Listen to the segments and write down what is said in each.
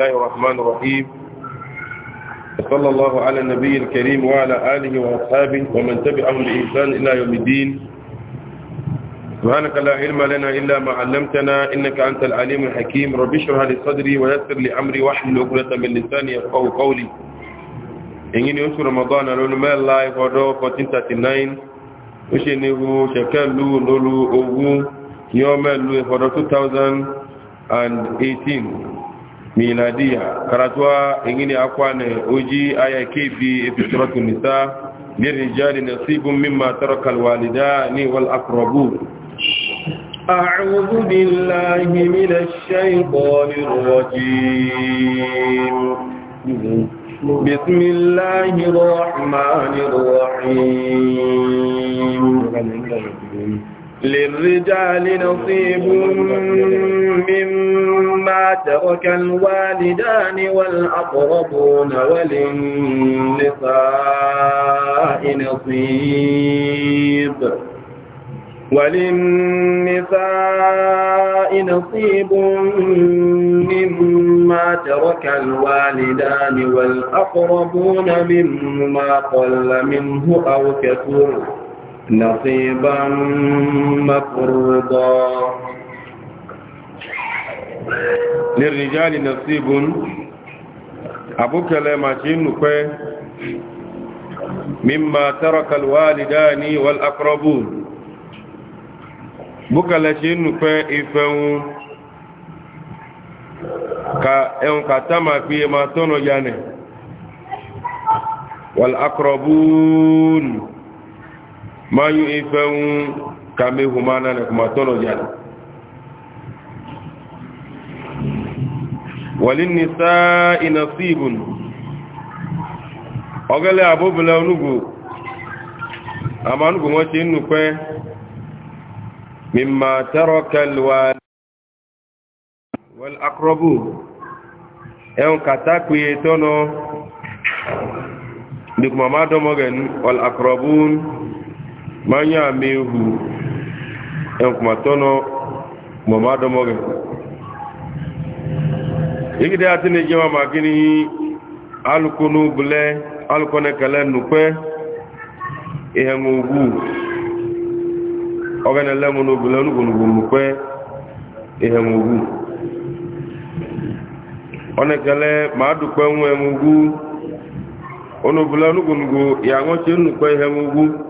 الله الرحمن الرحيم وصلى الله على النبي الكريم وعلى آله وأصحابه ومن تبعهم بإنسان إلى يوم الدين سبحانك لا علم لنا إلا ما علمتنا إنك أنت العليم الحكيم ربي اشرح لي صدري ويسر لي أمري واحلل عقدة من لساني يفقهوا قولي إنني أشهر رمضان لون ما الله غدو 1439 وشني هو شكلو لولو أوغو يوم لو 2018 miladiya karatuwa ingini akwane uji aya kifi fi nisa lirijali nasibun mimma taraka alwalidani wal aqrabun أعوذ بالله من الشيطان الرجيم بسم الله الرحمن الرحيم للرجال نصيب مما ترك الوالدان والأقربون وللنساء نصيب وللنساء نصيب مما ترك الوالدان والأقربون مما قل منه أو كثر نصيبا مفروضا للرجال نصيب أبوك لما تشينك مما ترك الوالدان والأقربون أبو لا تشينك إفهم ka ẹun ka tama fi ma tọ́nà yanẹ̀ wal akrọ̀bùn mayu ifeun kame humana na kuma tono jana walin nisa'i nasibun ogele abubula onugu ama onugu wọn ti nnu pẹ mimma tarokal wa wal akrobu ẹun katakwe tono dikuma ma domogin wal akrobun manya amehu enkumatono mamadomoge igide ati ne jema magini alukunu bule alukone kale nupe ihengugu ogene lemunu ugwu. onugunugu n'ekele ihengugu onekele maadukwe nwe ngugu onubule onugunugu yangoche nupe ihengugu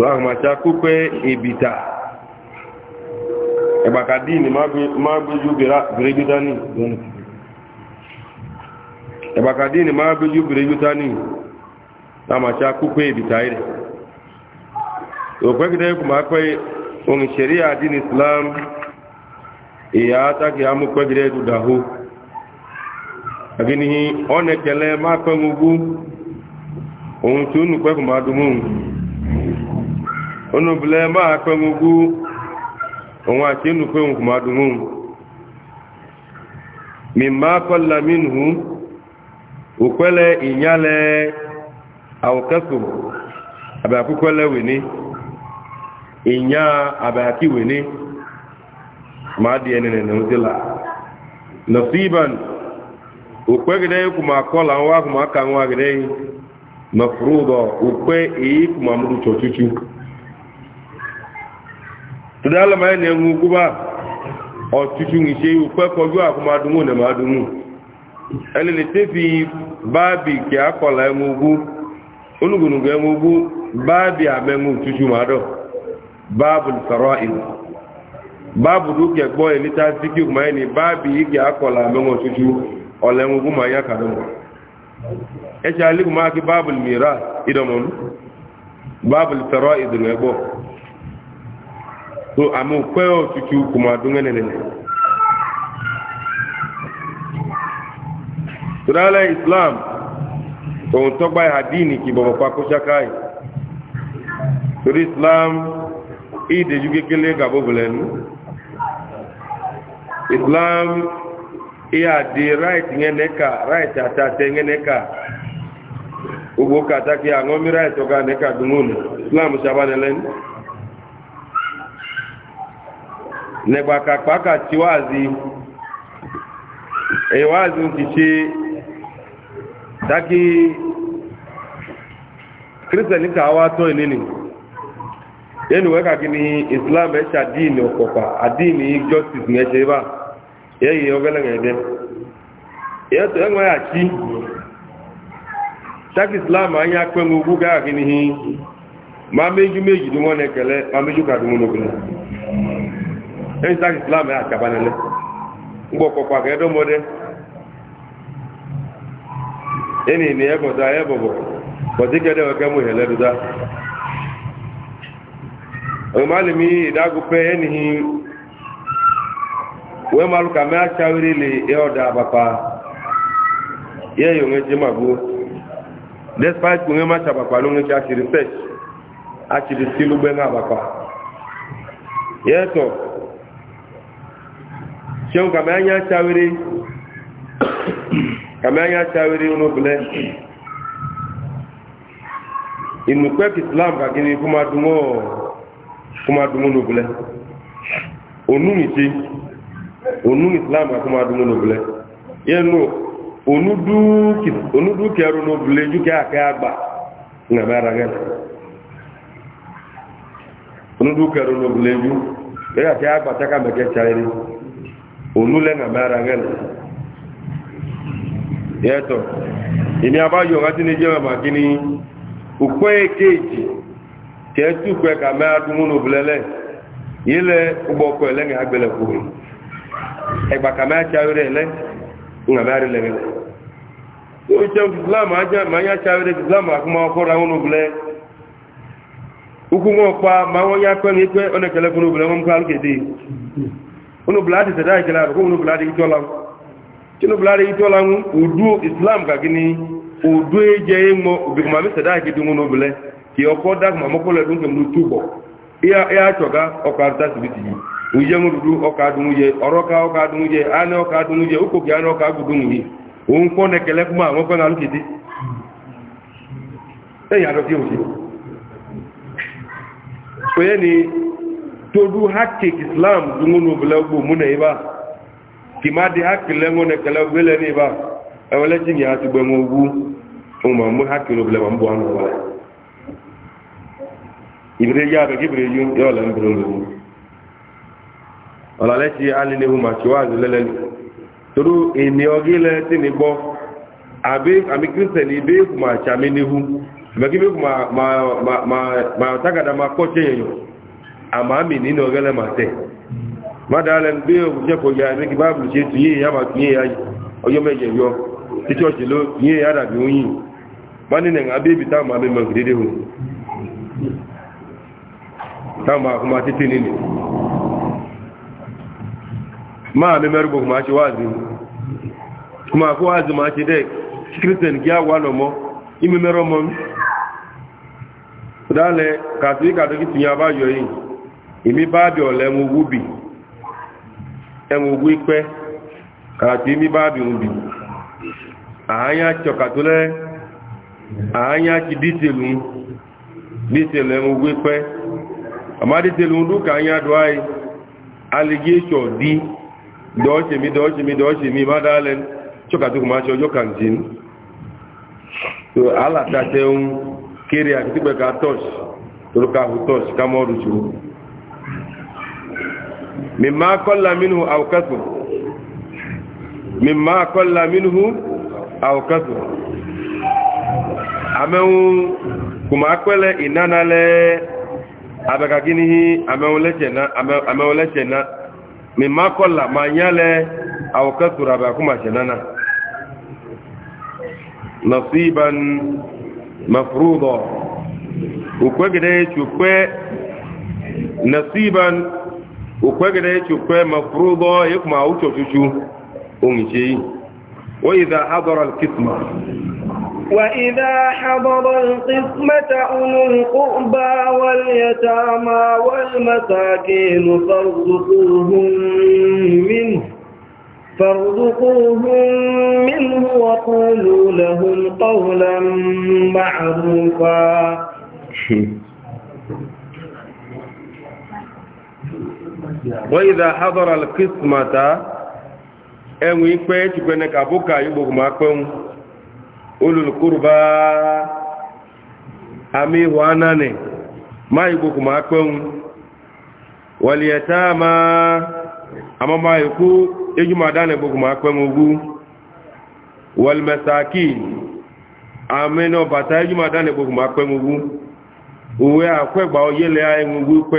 láàrùmàṣá kúpẹ́ ìbìtà ẹgbàkàdí ni máa gbéjú bèrèbítà ní ẹgbàkàdí ni máa gbéjú bèrèbítà ní láàmàṣá kúpẹ́ ìbìtà rẹ̀ òpẹ́kìtẹ́ kù máa pẹ́ ohun ìṣẹ̀rí àdín islam ìyá tákì amúpẹ́kìtẹ́ dùdàhó àbíní ọ máa pẹ́ ohun tó nù pẹ́kù máa onubule máa a ogú òun àti inú pé òun kò máa dùn ún mi máa kọ́lá mínú òpẹ́lẹ̀ ìyálẹ̀ àwòkẹ́sù àbẹ̀àkúkọ́lẹ̀ wìní ìyá wìní máa di ẹni nìyẹn ní la nọ̀síban òpẹ́gidẹ́ kò máa kọ́lá wọn kò máa kà wọn gidẹ́ nọ̀fúrúbọ̀ òpẹ́ èyí kò máa mú tòdá alama ẹni ẹ̀wọ̀n ogúnbá ọ̀tútù ìṣe òpẹ́ kọjú àkọmọdúnmù nẹ̀mọdúnmù ẹni lè tẹ́ fi báàbì kí a kọ̀lá ẹ̀wọ̀n ogún olùgbònùgbò ẹ̀wọ̀n ogún báàbì àmẹ́wọ̀n òtútù màdọ̀ báàbù sọ̀rọ̀ ìlú báàbì so amu pẹ́ òtútù kò máa dún ẹnìyàn islam tòun tọ́gbà àdínì kì bọ̀bọ̀ pa kó ṣákáì torí islam ìdèjú kékeré gàbóbìlẹ̀ nù islam ìyàdí e right tata right àtàtẹ ẹnẹ́ka gbogbo kàtàkì àwọn mìíràn ìtọ́ka neka dùnmọ́nù islam ṣàbánilẹ́nu nẹgbàkà pàkà tí wáàzí èyí wáàzí ń ti ṣe dákí kírísẹ̀ní káwá tó ilé islam ẹ̀ṣà díìnì ọ̀pọ̀pà àdíìnì justice ní ẹ̀ṣẹ̀ bá yẹ́yẹ ọgẹ́lẹ́gẹ̀ẹ́dẹ́ yẹ́tọ̀ ẹ̀wọ̀n yà sí dákí islam ayé apẹ́ngu ogún káàkiri máa méjì méjì ni wọ́n nẹ̀kẹ̀lẹ́ máa méjì e islam ẹ̀ àtàbánilẹ̀ gbọ́kọ̀kọ̀ àgẹ́dọ́mọdé ẹni ni ẹgbọ̀ta ẹbọ̀bọ̀ pọ̀tíkẹ́dẹ̀ ọ̀kẹ́ mú ìhẹ̀lẹ́ dúdá ọmọlùmí ìdágúpẹ́ ẹni wọ́n máa lùkà mẹ́ àṣàwírí lè ẹ ọ̀dà àbàpá yẹ́ yóò ń jẹ́ màgbó despite kò ń má ṣàbàpá ló ń ṣe àṣìrí àṣìrí náà chew ka ma anya chawere ka ma anya chawere unu bule inu kwe islam ka gini kuma dungo kuma dungo nu bule onu nti onu islam ka kuma dungo nu bule yenu onu du ki onu du kero nu bule ju ka ka agba na mara ngana onu du kero nu bule ju ya ka agba ta ka me ke chawere olúlẹ́nà na gẹ́lù yẹ́tọ̀ ìní abájọ láti ní jẹ́wà màkí ní òpó èkéèjì kẹ́ẹ̀tùpẹ́ kà mẹ́ra dúnmúnú bìlẹ́lẹ̀ yílẹ̀ ọgbọ̀kọ̀ ẹlẹ́gẹ̀ agbẹ̀lẹ̀ kúrò ẹgbà kà mẹ́ra cháwẹ́rẹ́ ẹlẹ́ ńlá mẹ́ra lẹ́gẹ̀lẹ̀ tó ń jẹun islam ajá màáyá cháwẹ́rẹ́ islam àkúmọ́ ọkọ̀ra wọn bìlẹ́ ukú wọn pa ma wọn yá pẹ́ ní wọn unu buladi sada ikela ko unu buladi itola kinu buladi itola ngu udu islam ka gini udu eje mo ubi ma mi sada ki dungu no bule ki oko da kuma mo kole dungu mu tubo iya iya choga sibiti du je je ane je ki ane un ko ne kele kuma mo ko na do todu hakik islam dungunu bulagbo muna iba kimadi hakile ngone kala wele ni ba awale jingi ati gbe ngogu uma mu hakilo bula mambo anu wala ibre ya be gibre yun yo la lu huma todu bo abi ami kristen ibe hu ma ma ma, ma, ma ma àmàmì nínú ọgẹ́lẹ̀ màtẹ̀ mádàálẹ̀ ń gbé òkúnṣẹ́kọ̀ ya ẹ̀mẹ́kì báàbùlù ṣe tún yíyà máa tún yíyà ọjọ́ mẹ́jẹ̀ yọ tí ṣọ́ọ̀ṣì ló yíyà dàbí oyin má nínú ẹ̀ngá bébì táwọn àmì mẹ́kì ma hù táwọn ma kí yìí imi baabi ọla enwogwu bi enwogwu ikpe karatu imi baabi n'ubi. anya chọkatule anya chi ditelu ditelu enwogwu ikpe ama ditelu ndu ka anya dụ anyị aligeshọ di ka tọch toruka hụ tọch kama ọrụ churu مما قل منه أو كثر مما قل منه أو كثر أمو كما قل إننا لا أبكاكينه أمو لشنا أمو لشنا مما قل ما يلا أو كثر أبكما شننا نصيبا مفروضا وكوكده شكوه نصيبا ukwegede chukwe mafrudo yakuma ucho chuchu umchi wa idha hadara alqisma وإذا حضر القسمة أولو القربى واليتامى والمساكين فارزقوهم منه فارزقوهم منه وقولوا لهم قولا معروفا وإذا حضر القسمة ẹ̀wọ̀n ikpe tukwe ne kabuka yugbo kuma kpẹ́wọ̀n olùkúrùbá àmì ìhùwánà nì máa yugbo kuma kpẹ́wọ̀n wàlìyàtà máa àmọ́má ikú ejúmọ̀dá nì gbogbo kuma kpẹ́wọ̀n ogú wàlìmẹ̀sàkì gbogbo kuma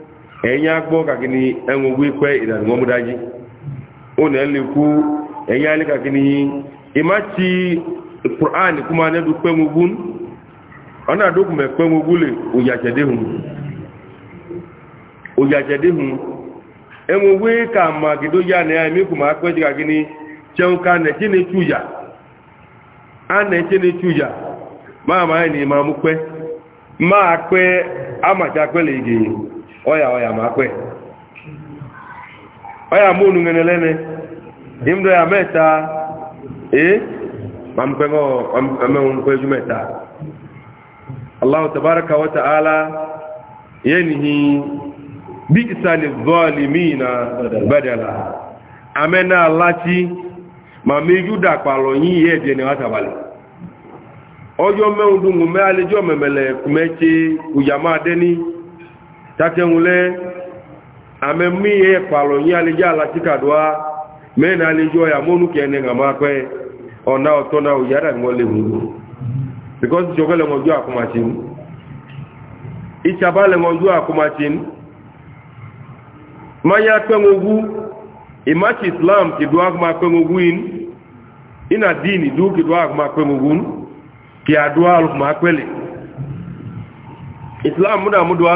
enye akpọ ka gịnị enwegwu ikwe ịdanụmọmụdaji ụnụ elekwu enye alị ka gịnị ịmachi quran kuma ne du kwe ngugbu ọna du kuma kwe ngugbu le ojajede hu ojajede hu enwegwu ka ma gido ya na ya emi kuma akpọ ji ka gịnị chewu ka na eche na-echu ya a na eche na-echu ya ma ma ya na ịma mụ ma akpẹ amacha akpẹ le ige Oya oya ma pẹ́ ọya mú onúgbẹ̀nẹ̀ lẹ́nẹ ìmúdọ̀yà mẹ́ta ee ma ń pẹ́ngọ́ ọmọ pẹ́jú mẹ́ta allahu tabaraka wa ta'ala yẹnihi badala, ìsàlẹ̀ zọ́ọ̀lìmí na bẹ́dẹ̀lá amẹ́nà aláti ma méjú dàpàlọ̀ yí yẹ́ ẹ̀dẹ̀ ni wátàbàlẹ̀ ọjọ́ mẹ́undùn mẹ́ alẹ́jọ́ mẹ́mẹ́lẹ̀ kùmẹ́ṣe kùyàmá dẹ́ni takẹ̀wùlẹ́ àmẹ́míyẹ pàlọ̀ yí alẹ́jẹ́ alàtíkàdọ́wà mẹ́rin alẹ́jọ́ ìyàmónú kẹ́ẹ̀ẹ́ ẹ̀ngàmá pẹ́ ọ̀nà ọ̀tọ́nà òyàdà ni wọ́n lè mú because ìṣọ́gọ́lẹ̀ wọn jọ àkọmàṣín ìṣàbálẹ̀ wọn jọ àkọmàṣín ma yá pẹ́ngogú islam kìdó àkọmà pẹ́ngogú in iná díìnì dú kìdó àkọmà pẹ́ngogú kì àdúrà alùpùpù àpẹ́lẹ̀ islam múdàmúdùá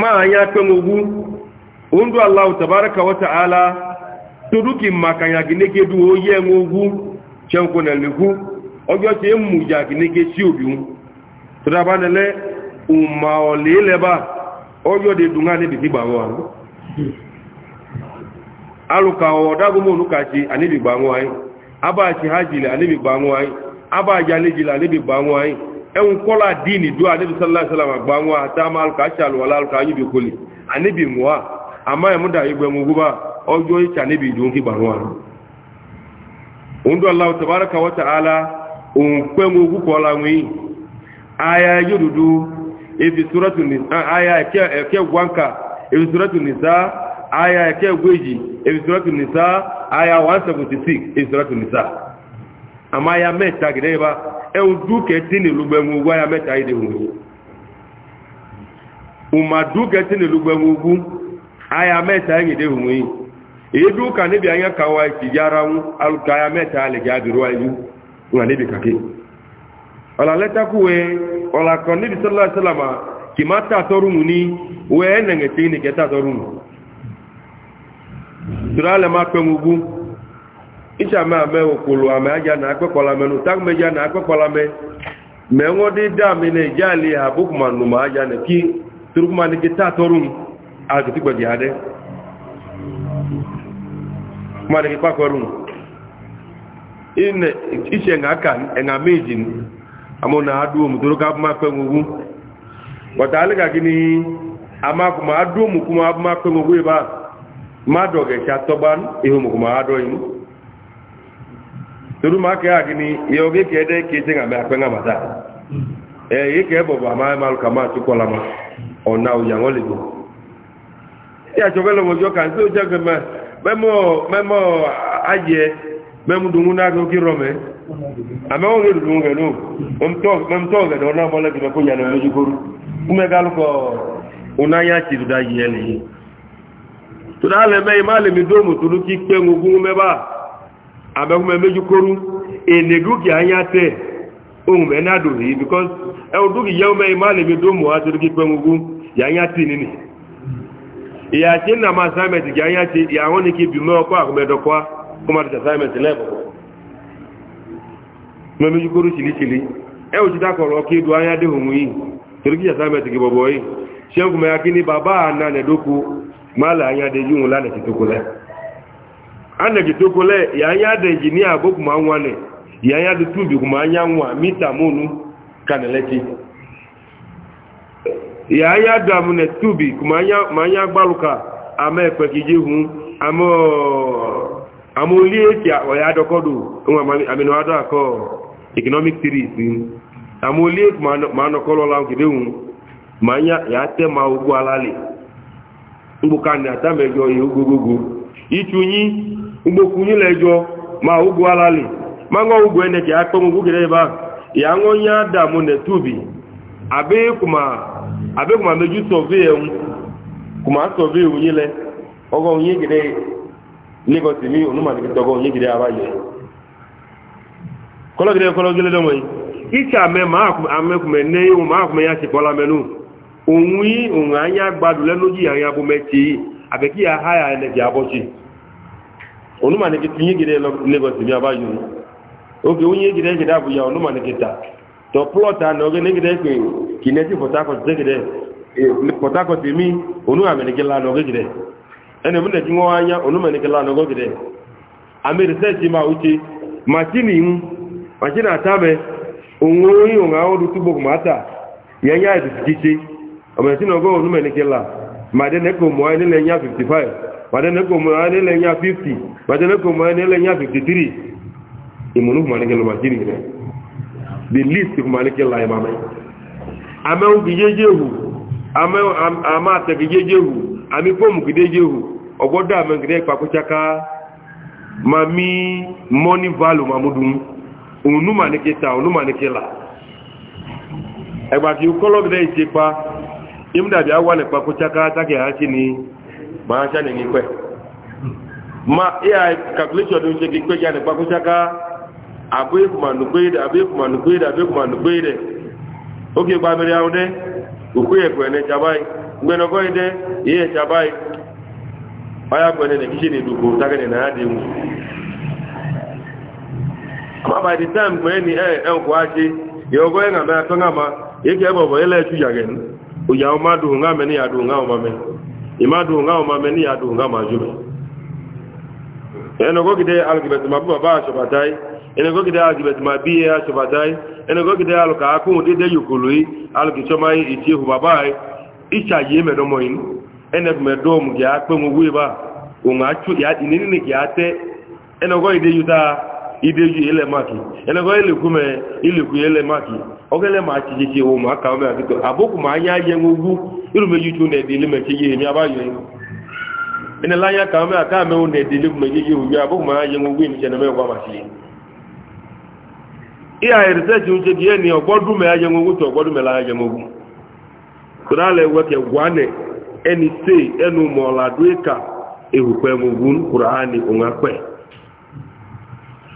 máa ya pẹ́ ogú oúnjẹ́ aláwọ̀ tàbárakà wata ala tó dúkì makanya gínégé dú ó yẹ́ ogú ṣẹ́nkọ́ nà lèkú ọjọ́ tí é mú ìjà gínégé sí òbí un tó dábá nílẹ̀ ọmọ ọ̀lẹ́ lẹ́bà ọjọ́ de dùn á aluka gbígbà wọn alùkà ọ̀dágúnmọ̀ olùkà sí àníbi ẹ̀hún kọ́lá dini dúró àníbi sálásálà àgbà wọn àtàmà alùkàṣà àlùwàlá alùkà ayébì kò lè àníbi mùwà àmá ẹ̀múdà ìgbẹ̀mú gúbà ọjọ́ ìṣà níbi ìdùn kí gbàrún wa. òun dọ̀ aláwọ̀ tàbárakà ala òun pẹ́mú ogún kọ́lá wọn yìí aya yóò dúdú ebi sọ́rọ́tù nìsá aya ẹ̀kẹ́ gbọ́nkà ebi sọ́rọ́tù nìsá aya ẹ̀kẹ́ gbéjì ebi sọ́rọ́tù nìsá aya 176 ebi sọ́rọ́tù nìsá àmá aya ẹ̀wùdú kẹtí nílùgbẹ̀mù ogun ayá mẹ́ta ìdè wòye ùmàdú kẹtí nílùgbẹ̀mù ogun ayá mẹ́ta ìdè wòye èédú kà níbi ayá kàwà ìtìjára ń alùkà ayá mẹ́ta alẹ́gẹ́ àbìrú ayú wà níbi kàkí ọ̀làlẹ́tàkùwẹ̀ ọ̀làkọ̀ níbi sọ́lọ́sọ́lọ́mà kì má tàtọ́rùmù ní wẹ́ẹ́ nẹ̀gẹ̀tì ní má pẹ́ iche ma ame okpolo ame aja na akpekpala me nu tagme ja na akpekpala me me ŋo de da mi ne jali ha bukuma nu ma aja ne ki turukuma ne ki ta a kiti gbɛgi ha dɛ kuma ne ki kpa kɔrum ine meji ni na adu omu ka ale ama kuma adu omu kuma kuma torí máa kẹ́ àgíní iye ogé kẹ́ẹ́dẹ́ kéje àmì àpẹ́ngà màtá ẹ̀yẹ kẹ́ bọ̀bọ̀ àmà ẹ̀màlùkà máa tó a ma ọ̀nà òyà wọ́n lè gbò tí àṣọkẹ́ lọ́mọjọ́ kà ń tó jẹ́ pé mẹ́mọ́ ayẹ mẹ́múdùnún náà kí rọmẹ́ àmẹ́wọ́n lè dùn rẹ̀ nù mẹ́mtọ́ ọ̀gẹ̀dẹ̀ abẹ́kúnmẹ́ méjì kóru ènè dúkìá yá tẹ̀ ohun mẹ́ náà dòwì because ẹ̀wọ̀n dúkìá ọmọ ẹ̀ má lè mi dómù wá torí pípẹ́ ńgú yà yá tì nínú ìyá tí ń nàmú assignment yà yá tì ìyá wọn ni kí bìmọ̀ ọkọ̀ àkọ́mẹ́dọ́kọ́ kó má ti assignment lẹ́bọ̀ mẹ́ méjì kóru tìlítìlí ẹ̀wọ̀n ti dákọ̀rọ̀ kí du ayá dé anagite okwole ya anya da injinia bụ kuma nwa ne ya anya dị tubi kuma anya nwa mita monu kaneleti ya anya da mune tubi kuma anya ma anya gbaluka ama ekpe kije hu ama ama oli eti oya dokodu nwa amino ado ako economic series ama oli eti ma anokolo la nkide hu ma anya ya te ma ugbo alali ngbuka ni ata mejo ihe ogogogo itu nyi ugbokwu e e le jụọ ma ugwu alali ma ṅụọ ugwu ene ka akpọnwụ gwugere ebe ahụ ya ṅụọ nye adam na etubi abịakwụma meju sọvee kuma sọvee onyile ọgọ onye gere lagos mi onumadigide ọgọ onye gere abaye kọlọgide kọlọgide lọmọ yìí iṣẹ́ àmẹ́ àmẹ́kùnmẹ́ ní ohun máàkùnmẹ́ yá ṣe kọ́lá mẹ́nu òun yí òun àyà gbadùn lẹ́nu jìyà àyàbò mẹ́tì àbẹ̀kí àháyà ẹnẹ̀jì àbọ̀ṣe onuma ne ke tinye gire lagos bi aba yu oge onye gire gire abu ya onuma ne ke ta to plota and oge ne gire ke kinesi port harcourt ne gire port harcourt emi onuma ne ke la na oge gire ene mu ne ji nwa anya onuma ne ke la na oge gire ami research ma uche machine mu machine atame onwe onye onwe awon tugbo kuma ata ya nya edifikiti ọmọ ẹ̀sìn ọgọ́ onuma ne ke la ma de ne ko mọ́ ẹni lẹ́yìn 55 badeneko mo ani le nya 50 badeneko mo ani le nya 53 imunu malike lo majiri ne the least ko malike la imama ame u gijejehu ame ama te gijejehu ami pomu gijejehu ogoda ame ngire pa ko chaka mami money value mamudum unu ma malike ta unu malike la egba ki ukolo gide isepa imda bi awale pa ko chaka take ha chini máa ṣá nìyí pẹ́ ma iya calculation ló ń ṣe kí pé jáde pákúṣáká àbúyẹ̀kùmànùgbéèdè àbúyẹ̀kùmànùgbéèdè àbúyẹ̀kùmànùgbéèdè ó kí ipa mẹ́rin àwọn dẹ́ òkú ẹ̀kọ́ ẹ̀nẹ́ jabai gbẹ̀nàkọ́ ẹ̀dẹ́ ìyẹ́ jabai ọyàgbọ̀n ẹ̀nẹ́ kí ṣe ní ìdúgbò tágẹ́nẹ̀ náà dé mu àmọ́ by time pé ní ẹ̀ ẹ̀kọ́ á ṣe ìyọ̀gọ́ ẹ̀ngàmẹ́ atọ́ngàmá èkẹ́ bọ̀bọ̀ ilẹ̀ ẹ̀ṣù yàgẹ̀ ní òyà ọmọdún ń ima dunga ma meni ya dunga ma jube ene go gide algibet ma baba ba shobatai ene go gide algibet ma bi ya shobatai ene go gide aluka aku de de yukului algicho mai iti hu baba icha ye me do moyin ene me do mu ya pe mu wi ba unga chu ya ni ni ni ya te ene go ide yuta ide yu ele maki ene go ile kume ile ku ele maki ogele ma ci ci wo ma ka ma ko aboku ma nya ye ngugu iru me yutu ne dile me ci mi aba ye ina la ya ka ma ka me o ne dile me ye ye o ya aboku ma ye ngugu ni chene me kwa ma ci iya irse ju je gi ni ogbodu me ye ngugu to ogbodu me la ye ngugu kura le wo ke gwane eni se enu mo la duika ehu pe ngugu qur'ani unga kwe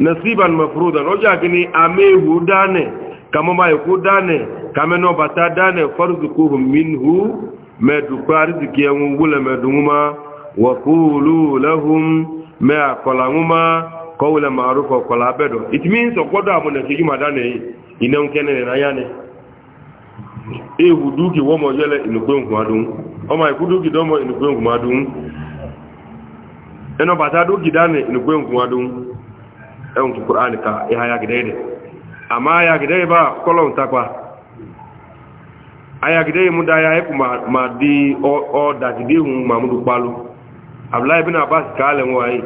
nasiban mafrudan oja kini amehu dane kama ma yaku dane kama no bata dane farzuquhum minhu medu farziki yan wula meduma wa qulu lahum ma qalanguma qawla ma'rufa qala bedo it means okodo amune kiji madane ine unkene na yane ewu duki wo mo yele inugbe nkumadun o ma iku duki domo inugbe nkumadun eno bata duki dane inugbe nkumadun ẹ̀hùn tó kùránì ka ìhà yàgìdẹ́ rẹ̀ àmá yàgìdẹ́ bá kọ́lọ̀n takwa ayàgìdẹ́ mú dáyà ẹkù ma di ọ́dàgìdẹ́ hun mahmudu palu abdullahi bin abbas kaalẹ̀ wọn ayé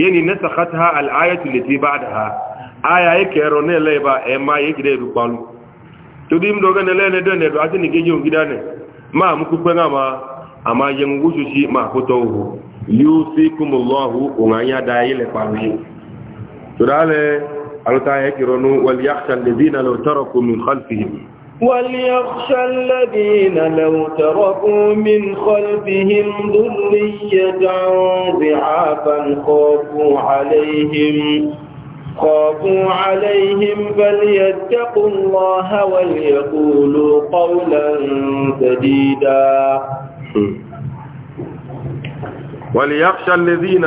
yé ni nẹ́sà kata ha al'ayatu lè ti bá da ha ayà ẹkẹ ẹrọ ní ẹlẹ́ bá ẹ má yẹn máa òhù yóò sí kúmùlọ́hù òun ilẹ̀ yìí تدالي التاي كيرونو وليخشى الذين لو تركوا من خلفهم وليخشى الذين لو تركوا من خلفهم ذرية ضعافا خافوا عليهم خافوا عليهم فليتقوا الله وليقولوا قولا سديدا وليخشى الذين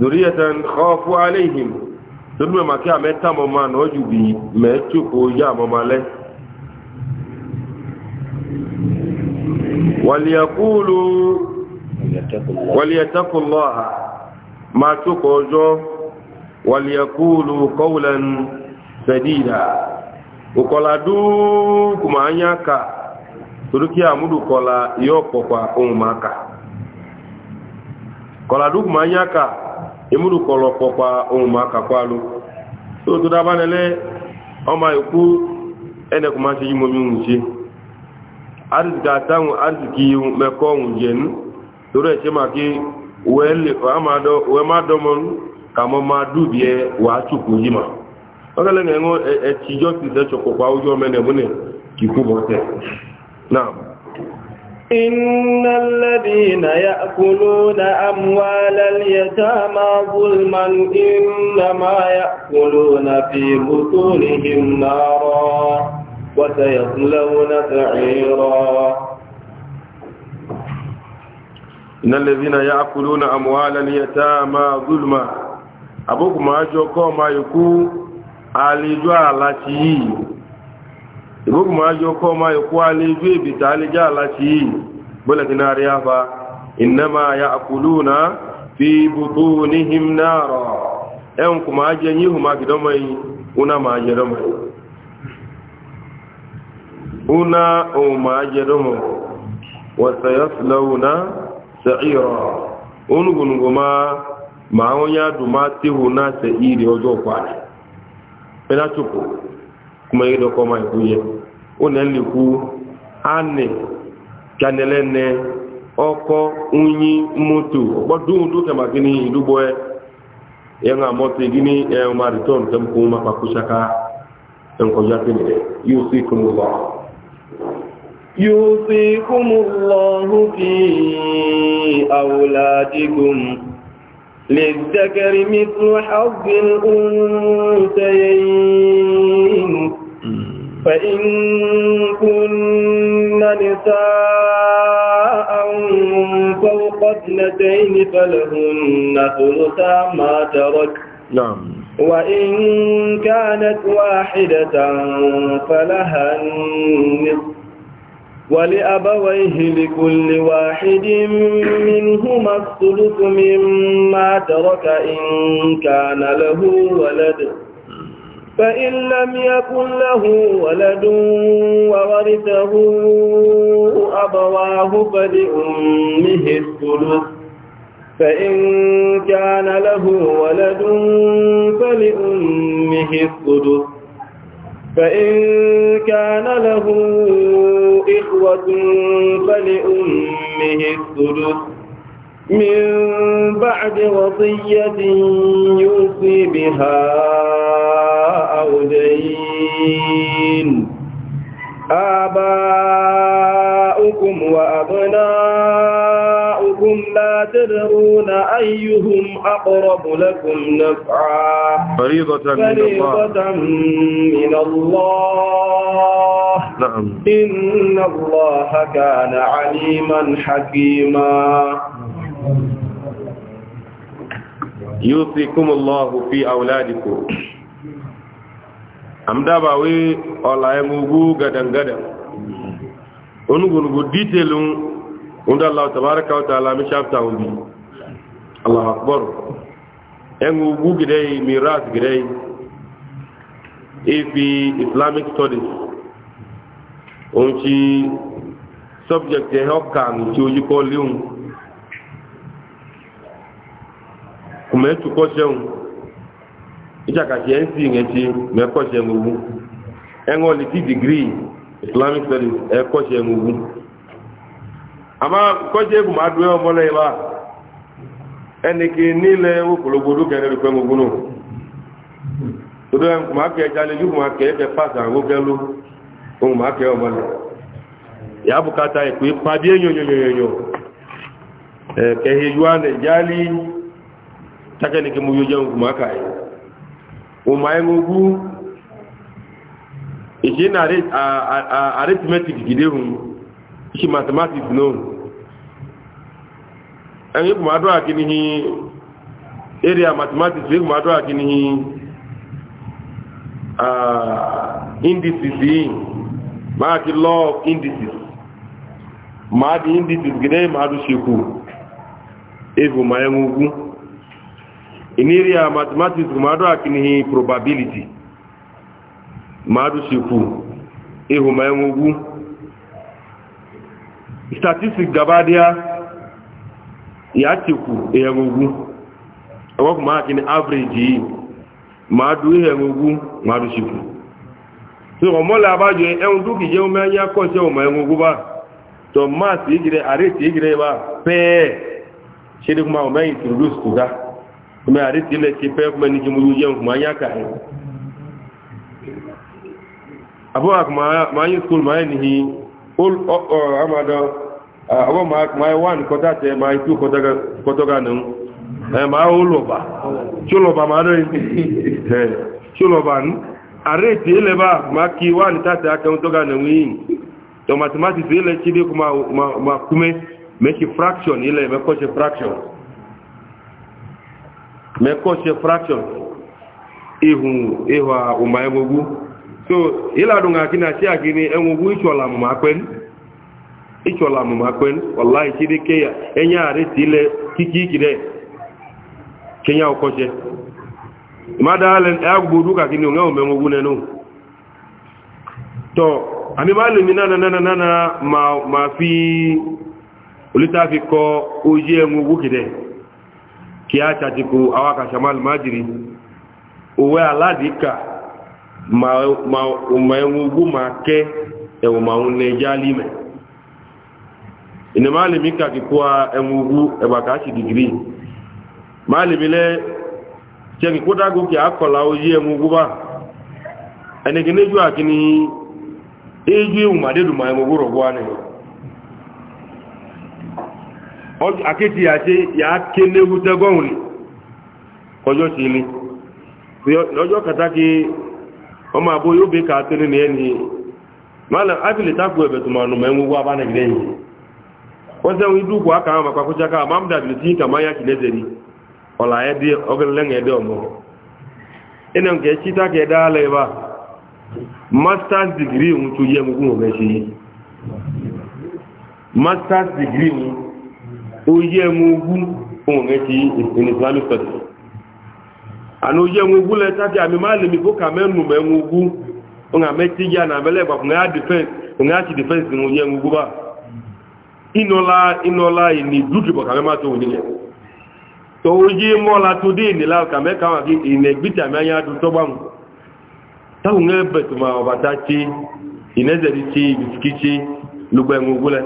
zuriyatan khafu alaihim dunwe maki ameta mo ma no jubi me chuko ya mo male waliyaqulu waliyataqullaha ma chuko jo waliyaqulu qawlan sadida ukola du kuma anyaka turuki amudu kola yoko kwa umaka kola du kuma anyaka imuru kọlọ kpọkwa ụmụaka kwalu so to daba ọmọ ọma ikwu ene ṣe se yimo ohun nche arzika tan arziki meko njen toro eche ma ki wele amado we ma do mon kamo ma dubie wa ogele ngengo ti إن الذين يأكلون أموال اليتامى ظلما إنما يأكلون في بطونهم نارا وسيصلون سعيرا إن الذين يأكلون أموال اليتامى ظلما أبوكم أجوكم أيكو أليجوا على شيء ibogu ma jo ko ma yo kwali bi bi tali jala ci bula kinari afa innama ya'kuluna fi butunihim nara en kuma je yi huma gidomai una ma je domai una o ma je domo wa sayaslawna sa'ira unugun goma ma onya duma tihuna sa'iri ojo kwani ina tuku kuma yi dɔ kɔma iku yɛ o na li ku anɛ tsanɛlɛ unyi moto ɔkpɔ dun du kama kini idubɔ yɛ yɛn ka mɔto kini ɛ ma ritɔn tɛm ko ma pa kusaka nkɔjá kini dɛ yóò si kumu lɔ. يوصيكم الله في أولادكم للذكر مثل حظ الأنثيين فإن كن نساء فوق اثنتين فلهن ثلثا ما ترك نعم وإن كانت واحدة فلها النصف ولأبويه لكل واحد منهما الثلث مما ترك إن كان له ولد فإن لم يكن له ولد وورثه أبواه فلأمه الثلث فإن كان له ولد فلأمه الثلث فإن كان له إخوة فلأمه الثلث من بعد وصية يوصي بها أو دين آباؤكم وأبناؤكم لا تدرون أيهم أقرب لكم نفعا فريضة من الله من الله نعم إن الله كان عليما حكيما يوصيكم الله في أولادكم amdaba we ọla emugu gadangadan onugunugu detailun عند الله تبارك وتعالى مش افتحوا بي الله اكبر ان وجو جدي ميراث جدي في اسلamic studies onti subject e hokan ti oji ko liun kuma etu ko seun ijakati nc yẹn ti mẹkọ ṣe ń gbogbo ẹ̀wọ̀n lè ti degree islamic studies ẹ̀kọ́ ṣe ń gbogbo ama kɔdze kuma adu yɛ ɔmɔ lɛ yi ba ɛnike nílɛ okologbodo kɛ ɛnɛ lukɛ ŋgunu todo yɛn kuma kɛ ɛdzalɛ ụmụaka pasa ŋgo kɛ lu kuma ya ɔmɔ lɛ yabu kata yi koe pabie ka yi na aritmetik gidi hu. ṣe mathematics náà ẹni kò máa dọ́wà kí area mathematics ẹni kò máa dọ́wà kí indices yìí máa law of indices máa di indices gị na dùn ṣekú evo máa ẹ̀wọ̀n ogun in mathematics kò máa dọ́wà kí probability máa dùn ṣekú ma máa ẹ̀wọ̀n statistics gaba daya ya teku eyan ogun ọwọ́ kò máa kí ni average yìí máa du eyan ogun máa du ṣìkù tí ọmọ làbájọ ẹun dúkì jẹ́ omi ẹyà kọ́ṣẹ́ ọmọ ẹyan ogun bá ṣe kuma ọmọ ẹyin tó lù ọmọ àrètí ilẹ̀ ṣe pẹ́ amado awo ma ma one kota te ma two kota kota ga nu e ma uloba ma re he chuloba nu are ile ba ma ki one ta ta ka to ga nu yin to mathematics ile ti ma kume make fraction ile me fraction me ko fraction ihun ihwa umayegwu so iladun ga kina ti akini enwo wu ichola mu ma pen ichola mu ma pen wallahi ti de ke ya enya are ti le kiki kide kenya okoje madalen agbudu ka kini o. me ngogu nenu to ami mali mina nana nana na ma ma fi ulita fi ko oje enwo wu kide ki acha ti ku awaka shamal majiri owe aladika ma ẹ̀wọ̀n ogún ma kẹ́ ẹ̀wọ̀n ma ń lẹ́já límẹ̀ ìnàmà lè mí kàkíkó ẹ̀wọ̀n ogún ẹ̀bà káàkiri dìgírí ma lè mílẹ̀ ṣẹ́kíkó dágókè àkọlà oyé ẹ̀wọ̀n ogún bá ẹnìkì ní ìjọ àkíní éjú ìwọ̀n màdédù ma ẹ̀wọ̀n ogún rọ̀gbọ́ ánì ọmọ àbó yóò bẹ káàtó nínú ẹ ní mọ́lẹ̀ ábìlì ma ẹ̀bẹ̀ tó máa nù mẹ́ ń wúwá bá nàìjíríà yìí wọ́n sẹ́wọ́n ìdúkù àkàrà àmàpá kó jáká àmàmdà bìlì tí kà máa yá kì lẹ́sẹ̀ ní ọ̀là ẹ̀dẹ́ ọgẹ́lẹ́ngẹ̀ẹ́dẹ́ ọmọ ẹnà kẹ́ masters degree masters degree in islamic studies ana oye nwegwu leta dị amịma alimiko ka menu ma enwegwu nga meti ya na abele gbapu nga defense nga ci defense ni onye nwegwu ba inola inola ni duki bo ka mema to onye to oji mola to di ni la ka me ka wa gi ine gbita me anya du to gbamu ta unge betu ma obata ci ineze di ci biskici lugbe nwegwu le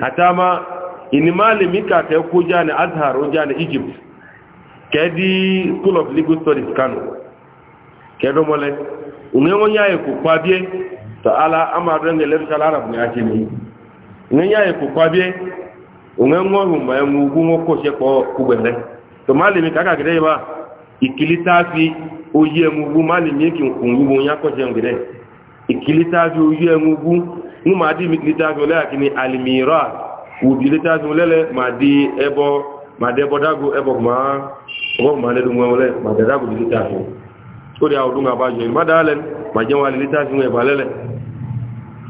atama ini malimika ka ko jani azhar o jani egypt kedi school of legal studies kano kedo mole unge wonya e ku kwabie ta ala amadu nge le arab na ajini unge nya e ku kwabie unge ngo humba engu gungo ko to mali mi kaka gede ikilita fi oye engu mali mi ki ungu wonya ko ole akini almira ubile ta fi ole ma wọn ma lẹ́nu wọn lẹ́ ma dẹ̀dá kò lílítà fún ó di àwọn àbájọ ìmá dáálẹ̀ ma jẹ́ wọn lílítà fún ẹ̀bà lẹ́lẹ̀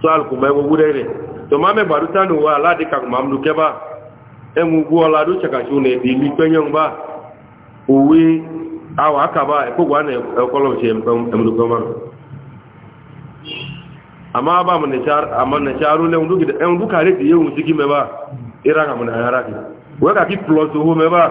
tó alùpùpù mẹ́ gbogbo rẹ̀ rẹ̀ tó tó wa aládé ma mú kẹ́bà ẹmu gbó ọlá tó ṣàkàṣọ nà ẹ̀dẹ̀ ìlú pẹ́yẹun bá òwe àwọn akàbà ẹ̀kọ́gbà nà ẹ̀kọ́lọ̀ ṣe ẹ̀mùdùkọ́mà àmá bá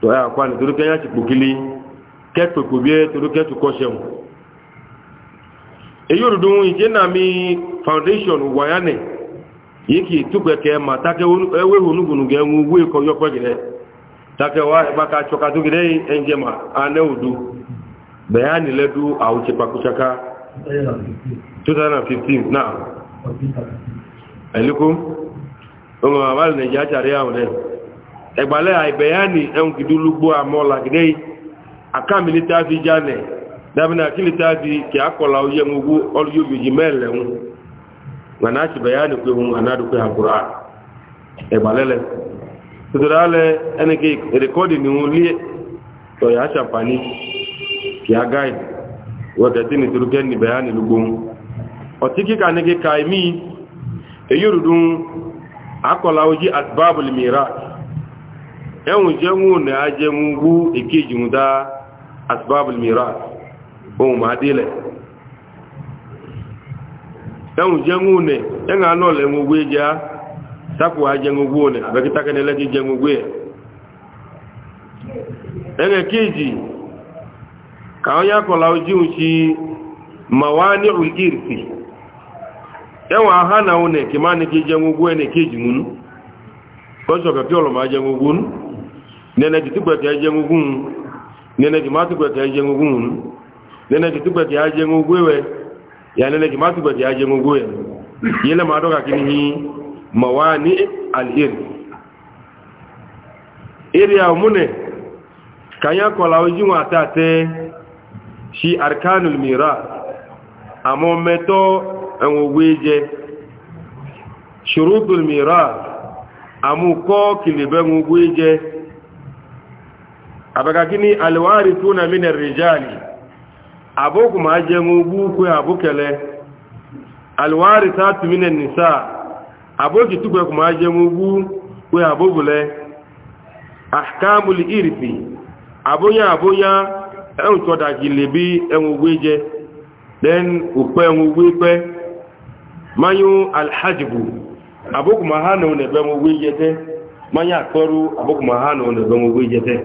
to ya kwa ni turuke ya chipukili keto kubie turuke tukoshe mu eyo rudun ije na mi foundation wayane yiki tukeke ma take ewe hunugunu ge nwu we ko yo pegire take wa ba ka choka tugire enjema ane udu bayani ledu au chipakuchaka 2015 na alikum ngo mabal ne ja chare ya ne ẹgbàlẹ́ àìbẹ̀yàní ẹun kìdú lúgbó àmọ́lá gẹ́gẹ́ àkàmìlì tá a fi jánẹ̀ dábìnà kílì tá a fi kì á kọ̀lá oyé ngogbo ọlọ́yọ́bìyì mẹ́lẹ̀ ń gbàná àti bẹ̀yàní pé hun ànádùkẹ́ àkùrà ẹgbàlẹ́ lẹ tuntun alẹ́ ẹni kí rẹ́kọ́dì ni wọ́n lé tọ̀yà àṣàpàní kì á gáì wọ́tẹ̀tì ní turukẹ́ ní bẹ̀yàní lúgbó ọtí kíkà ní kíkà ẹ̀mí èyí rùdùn akọ̀lá oyé asbábùlì mìíràn ẹ̀hùn jẹ́mú ní a jẹ́mú wú ìkéjì mú dá asibabul mìíràn ohun máa délẹ̀ ẹ̀hùn jẹ́mú ní ẹ̀hùn anọ́lẹ̀ gbogbo ẹjá sápò a jẹ́ gbogbo ní àbẹ́kítákẹ́nẹ́lẹ́kí jẹ́ gbogbo ẹ̀ ẹ̀hùn kéjì kàwọn yàkọ̀lá ojíun sí màwá ní ìrìsì ẹ̀hùn ahánà ohun ní kì máa ní kí kéjì mú kọ́ṣọ̀kẹ́ kí ọlọ́mà jẹ́ gbogbo nú nene ti tugbete aje ngugun nene ti ma tugbete aje ngugun nene ti tugbete aje ngugwewe ya nene ti ma tugbete aje ngugwe yele ma doka kini hi mawani al-ir iri ya mune kanya kola ojin ata te shi arkanul mira amo meto enwogweje shurutul mira amu ko kilibe ngugweje abakakini alwarithuna min ar-rijali aboku majengu bukwe abukele alwarithatu min an-nisa aboki tukwe kumajengu bukwe abogule ahkamul irthi abonya abonya en choda gilebi en ugweje den upe en ugwepe mayu alhajbu aboku mahana unebe ugwejete manya koru aboku mahana unebe ugwejete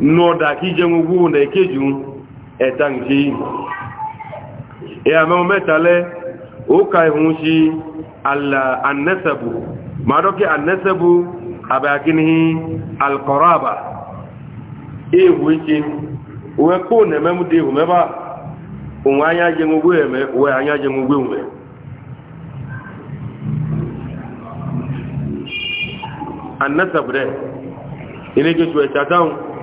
n'ọ̀dà kí ike owó ọ̀nà ìkéjì ẹ̀ta nke ìyàmẹ́ mẹ́tàlẹ́ ó ka ihun sí ma dọ́kẹ́ annesebu àbẹ̀kíní alkọ̀rọ̀bà ewu ike òwe kó nà mẹ́mú dé ihun mẹ́bà anya jẹun owó anya jẹun owó ẹ̀mẹ́ alẹ́sẹ̀bù dị ilé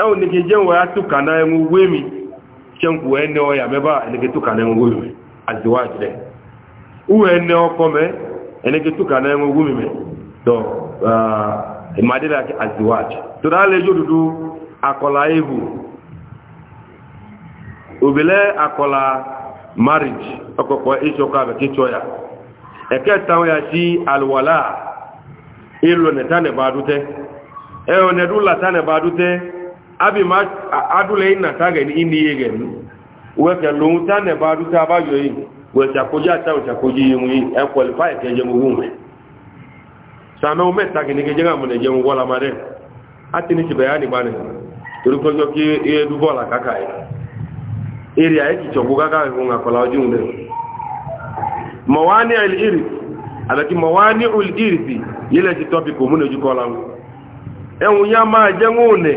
ẹ̀hùn ní kí jẹ́ wọ́n túkà náà ẹmú wé ṣe ń ẹni ọya mẹ́bá ẹnìkẹ́ túkà náà ẹmú wé mi ìjìlẹ̀ uwe ẹni ọkọ mẹ́ ẹnìkẹ́ túkà náà ẹmú wé mi mẹ́ tọ́ ìmàdílà àdìwá ìjì tó dá dúdú òbílẹ̀ marriage ọkọ̀kọ̀ tọ́yà ẹ̀kẹ́ abi ma adule ina tage ni ini yege nu weke lu tane ba du ta ba yoyi we ta ko ja ta ta ko ji mu e qualify ke je mu gume sana o meta ke ni ke jenga mu ne je mu wala mare ati ni bayani bane turu ko jo ki e du bola kaka e area e ki chobu kaka ko nga kola ju nde mawani al irith alaki mawani al irith yele ji topic mu ne ju kola ẹ̀wùn e, ya máa jẹ́ ń òun nẹ̀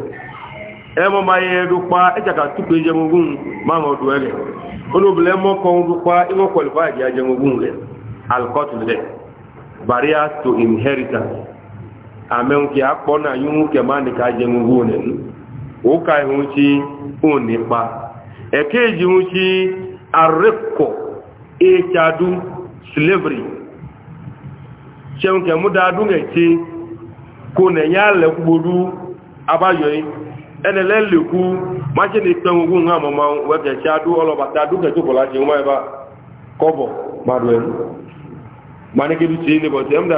ẹmọ ma yẹ pa ẹjàkà túpé jẹmogún ma ń ọdún ẹlẹ olóbìnrin ẹmọ kan dúpa ẹmọ kọlifà ìyá jẹmogún alikọtù barriers to inheritance àmẹ́hùnkì akpọ́nà yíhùnkì máa nìka jẹmogún rẹ ó ka ìhun sí òun nípa ẹ̀kẹ́jì ń sí arẹ́kọ̀ ẹ̀ṣadú slavery ṣẹ̀hùnkì múdàdún ẹ̀ṣẹ́ kò nẹ̀yà lẹ́kúgbòdú abáyọ̀ yìí. ẹnẹlẹ lèkú máṣe ní pẹ́ngun náà mọ̀ máa wẹ́kẹ̀ ṣe adú ọlọ́bàtà adúkẹ̀ tó bọ̀ láti wọ́n ẹbá kọ́bọ̀ màdù ma ní kébí ṣe ní bọ̀ tí ẹmdà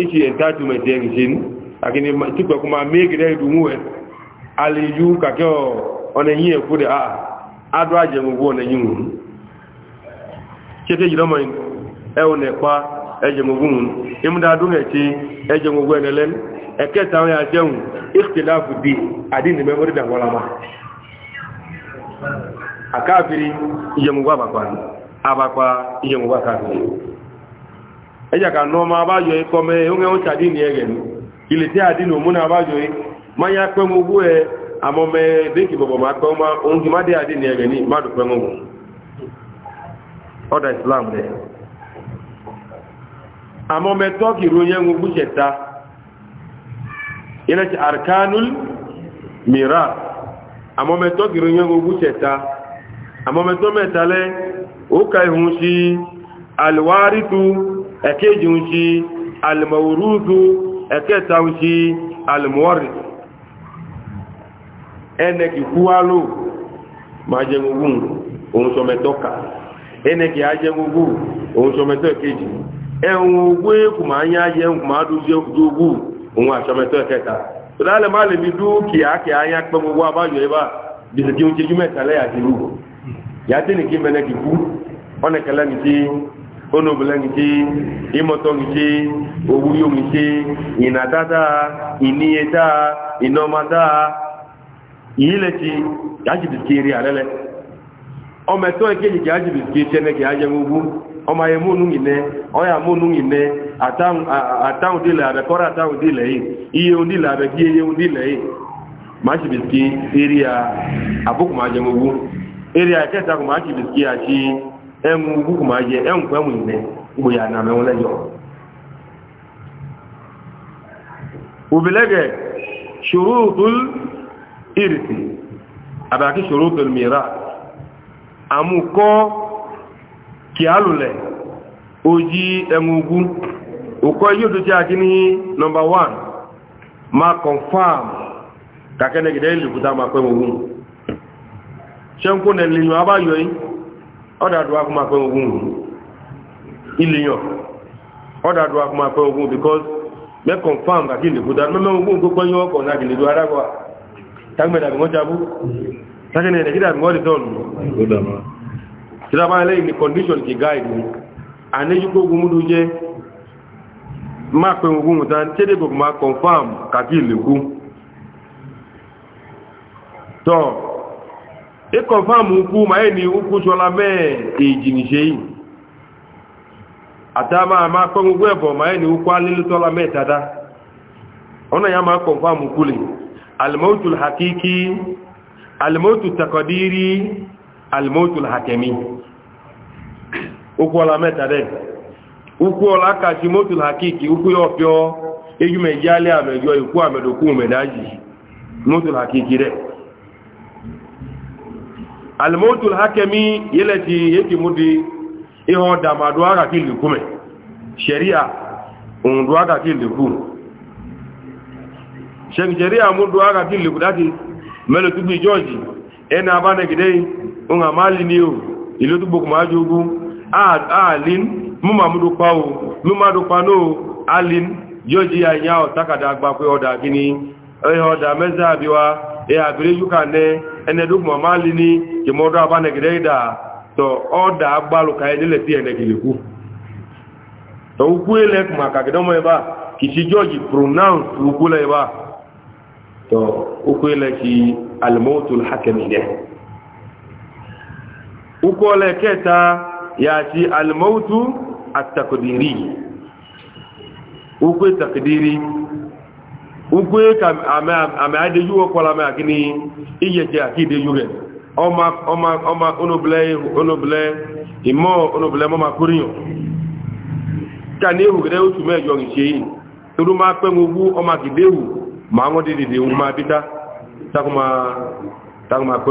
ìṣe entitlement ọ ṣe ní àkíní típẹ̀kú máa méèkìrẹ́ ìdùnmú ẹ̀kẹta àwọn àjẹun ìkìláàfù di àdínì mẹ́mọ́rí dàgbọ́lámà àkáàfiri ìyẹmùgbà àbàkwà àbàkwà ìyẹmùgbà káàfiri ka nọ ma abájọ ikọ́ mẹ́ ẹ̀hún ẹ̀hún ma ya pẹ́ ẹ àmọ́ mẹ́ bẹ́ẹ̀kì bọ̀bọ̀ ma ma òun rẹ̀ tọ́kì ina ci arkanul mira amma mai to girin yin guguce ta amma mai to mai tale o kai hun shi alwaritu ekeji hun shi almaurutu eketa hun shi almuwaritu ene ki kuwalo ma je gugun so mai ene ki aje gugun ohun so mai to ekeji ẹ̀hùn ogún èkù máa ń yá ayé ẹ̀hùn máa dúdú òun àṣọmẹtọ ẹkẹta tọ́lá lè má lè mi dúkìá kìá yá pẹ́ gbogbo abájọ yìí bá bìsì kí n ṣe júmẹ̀ta lẹ́yà ti lù yà á tẹ́ nìkí mẹ́nẹ́ kì kú ọ̀nẹ̀kẹ́ lẹ́ni tí onobìnrin ní ṣe ìmọ̀tọ́ ní ṣe owó yóò ní ṣe ìnà dáadáa ìníye dáa ìnọmọ dáa ìyílẹ̀ ti yájìbìsì eré àlẹ́lẹ́ ọmọ ẹ̀tọ́ ìkéjì ọmọ ayé múnú ìnẹ́ ọyà múnú ìnẹ́ àtàwọn dìlẹ̀ àbẹ̀ kọ́rọ̀ àtàwọn dìlẹ̀ yìí iye ohun dìlẹ̀ àbẹ̀ kí iye ohun dìlẹ̀ yìí máa ṣe bìsìkì eré àbúkù máa jẹ gbogbo eré àkẹta kò máa ṣe bìsìkì àti ẹmu búkù máa jẹ ẹmu pẹ́mu ìnẹ́ gbòyà nà mẹ́wọ́n lẹ́jọ́ òbílẹ́gẹ̀ ṣòro òtún ìrìsì àbàkí ṣòro òtún mìíràn àmúkọ́ kialule oji engugwu uko yuduti akini number 1 ma confam kakene gide libuta ma pe ngugwu chenku ne oda duwa kuma pe ngugwu ilinyo oda duwa kuma pe ngugwu because me confirm kakini me me ngugwu ko yo ko na gidi duara ko tagme da ne gida ngori don tiraba lẹ́yìn ni condition ti guide ni anéjúkó gúnmúdú jẹ́ máa pẹ̀ ogun ta ń tẹ́lẹ̀ gbogbo ma confirm kàkí ìlẹ̀kú tọ́ e confirm ukú ma yẹ́ ni ukú ṣọlá mẹ́ẹ̀ èjì nìṣe yìí àtàmà máa pẹ́ ogun ẹ̀bọ̀ ma yẹ́ ni ukú alélútọ́lá mẹ́ẹ̀tada ọ̀nà ya máa confirm ukú lè alìmọ́tù hakiki alìmọ́tù takọ̀dírí alimotul hakemi ukwu ọla mẹta dẹ ukwu ọla kasi motul hakiki ukwu yọ ọpịọ ejume jale amẹjọ ikwu amẹdokwu mẹdaji motul hakiki dẹ alimotul hakemi yeleti yake mudi ihe ọdamadu aka kí lukume sharia ohundu aka kí lukume ṣẹ̀kìṣẹ̀rí àmúdó ara tí lè kùdá ti mẹ́lò tó gbé jọ́ọ̀jì ẹni abánagidẹ́ nga mali ni o ilo tu boku ma jogu ad alin mu ma mudu pa o mu ma du pa no alin joji ya nya o takada gba pe oda kini e oda e abire yuka ene du mo mali ni ke mo to oda agbalu ka ile le ene kiliku to uku ile kuma ka gidan pronounce uku to uku ki al-mautul ukole keta yaci almautu at-taqdiri ukwe takdiri ukwe kam ama ama adeju okola ma kini iye je akide yuge oma oma oma onoble onoble imo onoble mama kurinyo kani ugre utu mejo nchi turu ma pe ngugu oma kidewu ma ngodi dide uma bita takuma takuma pe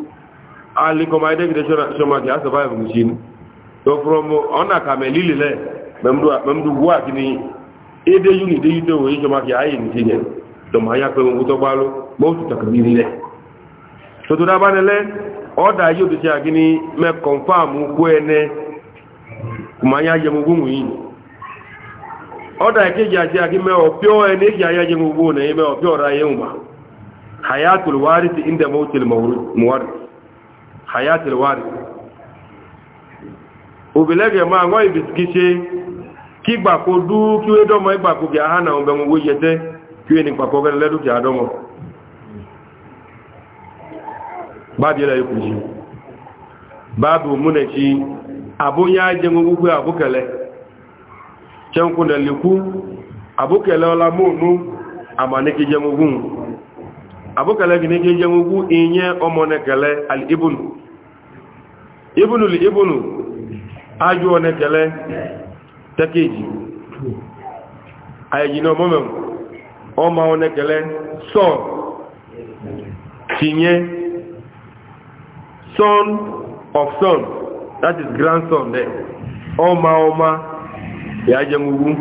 alikoma ede gide soma ki a survive machine to from ona kame lilile memdu gwa kini ede yuni de yute oye soma ki aye machine to ma ya pe nguto gbalo mo tu takbiri le to to daba nele oda me confirm ku ene kuma ya je yi oda me ene je ne me ra ye hayatul warith inda hayatil wari obilege ma nwa ibiskishe kigba ko du kiwe domo igba ko ga hana ombe ngo yete kiwe ni pako gele du ja domo babi la yukuji babu abu ya je ngo gwe abukele chenku na liku abukele ola munu amaniki je mugun abokala gine ke je ngugu inye omone kale al ibn ibn al ibn aju one kale takeji ayi no momo o ma one kale so tinye son of son that is grandson there o ma o ma ya je ngugu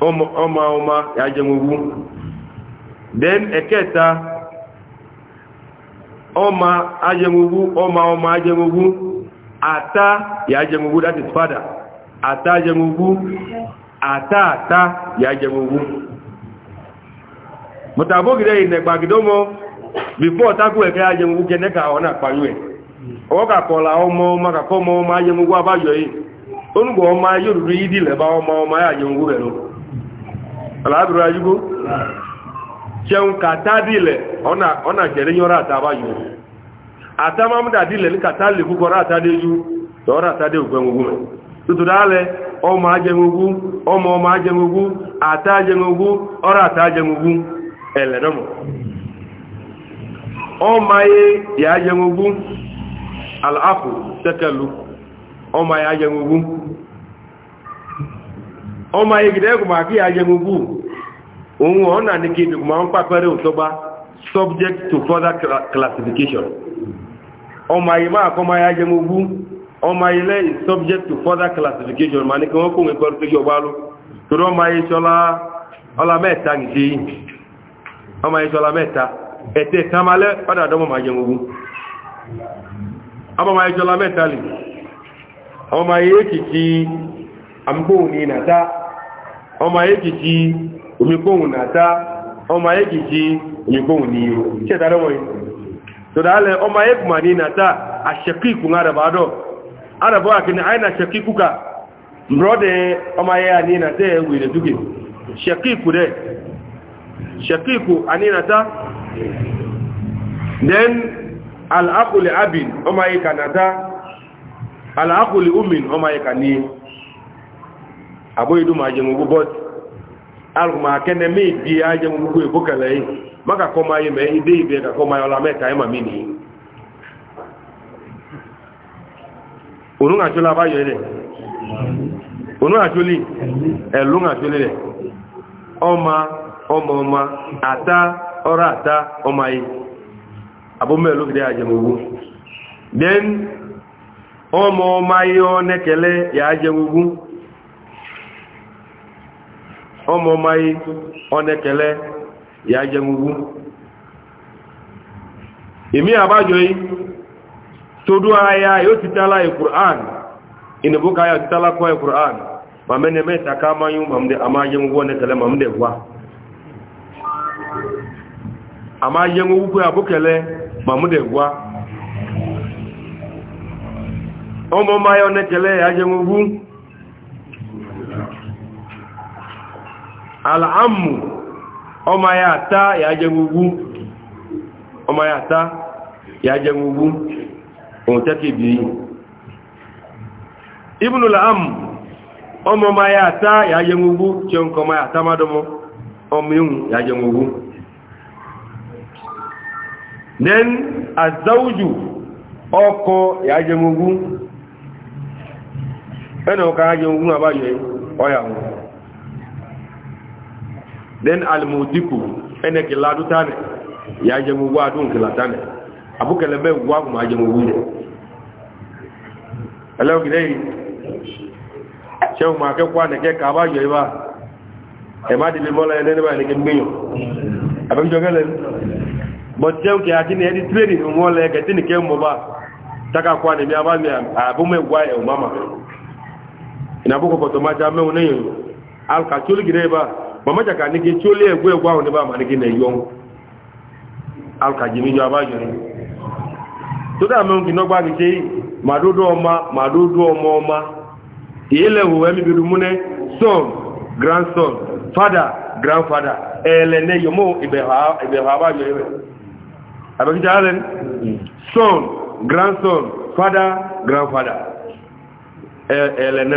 o ma o ma ya then eketa ọma ajemugwu ọma ọma ajemugwu ata ya ajemugwu that is father ata ata ata ya ajemugwu mụtabogide inegbagidomo before taku eke ajemugwu kene ka ọ na-akpanyu e ọ kakọla ọma ọma ọmọ ọma ọma ajemugwu abayọ yi ọma ọma yorùrù idileba ọma ọma ya chewu kata dile ona ona jere nyora ataba yu atama muda dile ni kata le ku ora atade yu to ora atade ugwe ngugu me tutu dale o ma je ngugu o mo ma ata ngugu ataje ngugu ata ataje ngugu ele domo o ma ye ya je ngugu ala afu takalu o ma ya je ngugu o ye gide ku ma ki ya je ngugu òun ọ̀nà ní kí ìdùkùnmọ́ ń pàpẹ́rẹ́ òtọ́gbá subject to further classification ọmọ ayé máa kọ́ máa yájẹ́ mọ́gbú ọmọ ayé lẹ́ is subject to further classification ma ní kí wọ́n kò ń pẹ́rẹ́ tójú ọba ló torí ọmọ ayé ṣọlá ọlá mẹ́ta nìṣe yìí ọmọ ayé ṣọlá mẹ́ta ẹ̀tẹ́ tamalẹ́ ọ̀dà àdọ́mọ̀ máa jẹ mọ́gbú ọmọ ayé ṣọlá mẹ́ta lè ọmọ ayé kìkì àmúgbò ní ìnàta ọmọ ayé kìkì omikpohun nata ọmọ ayé kìí omikpohun ní irú ṣe tàbí wọ́n yìí tọ́dá alẹ́ ọmọ ayé kùmà ní nata aṣẹ́kíkù arabadọ́ arabọ́ àkíní àyínà aṣẹ́kíkù ká mbrọ́dẹ̀ ọmọ ayé ní nata wèrè dúkì ṣẹ́kíkù dẹ̀ ṣẹ́kíkù àní nata then al'akuli abin ọmọ ayé nata al'akuli umin ọmọ ayé ka ní abóyédú máa jẹun gbogbo bọ́ọ̀tì alụmake na eme ibi aja mgbe egbo kele maka kọma ya ma ide ibe ka kọma ya ọla mee ka anyị ma mini onu ŋatsoli abayɔ yi dɛ onu ŋatsoli ɛlu ŋatsoli dɛ ata ɔra ata ɔma yi abomi ɛlu kiri adzɛmu wu den ɔma ɔma yi ɔnɛkɛlɛ yɛ adzɛmu wu. ọmọ mayi ọnẹkẹlẹ ya jẹngugu ìmí àbájọ yìí tó dúwà ayá yóò ti tálá ìkùrán ìnìbókà yóò ti tálá kọ́ ìkùrán màmẹ́ni mẹ́ta ká máa yún ma jẹngugu ọnẹkẹlẹ màmúdẹ̀ wá àmá jẹngugu pé àbúkẹlẹ màmúdẹ̀ wá ya jẹngugu al'ammu ọma ya ta ya jẹ gbogbo ọmọ ya ta ya jẹ gbogbo ohun tẹ́kì bí i ibùn al'ammu ọmọ ọmọ ya ta ya jẹ gbogbo tí ó ń kọ ọmọ ya ta mádọmọ ọmọ ihun ya ọkọ ya jẹ gbogbo ẹnà ya jẹ gbogbo àbáyẹ ọyàwó den almudiku ene ke ladu tane ya je mu wa dun kila tane abu kala be wa ma aje mu wuje alaw gidai shehu ma ke kwa ne ke ka ba yo ba e ma di mola ene ne ba ne ke mbiyo abam jogale but shehu ke akini edi training mu mola ke tin ke mu ba taka kwa ne mi aba mi abu me wa e mama ina bu ko to ma ja me unen alka chulu gidai ba mama jaka ni ke chole egwe egwe awon ba ma ni ke na yon al ka jimi jo abajo ni to da mo ngi no gba ni sei madodo oma madodo omo oma ile wo emi son grandson father grandfather ele ne yomo ibe ha ibe ha abajo ibe son grandson father grandfather e, ele ne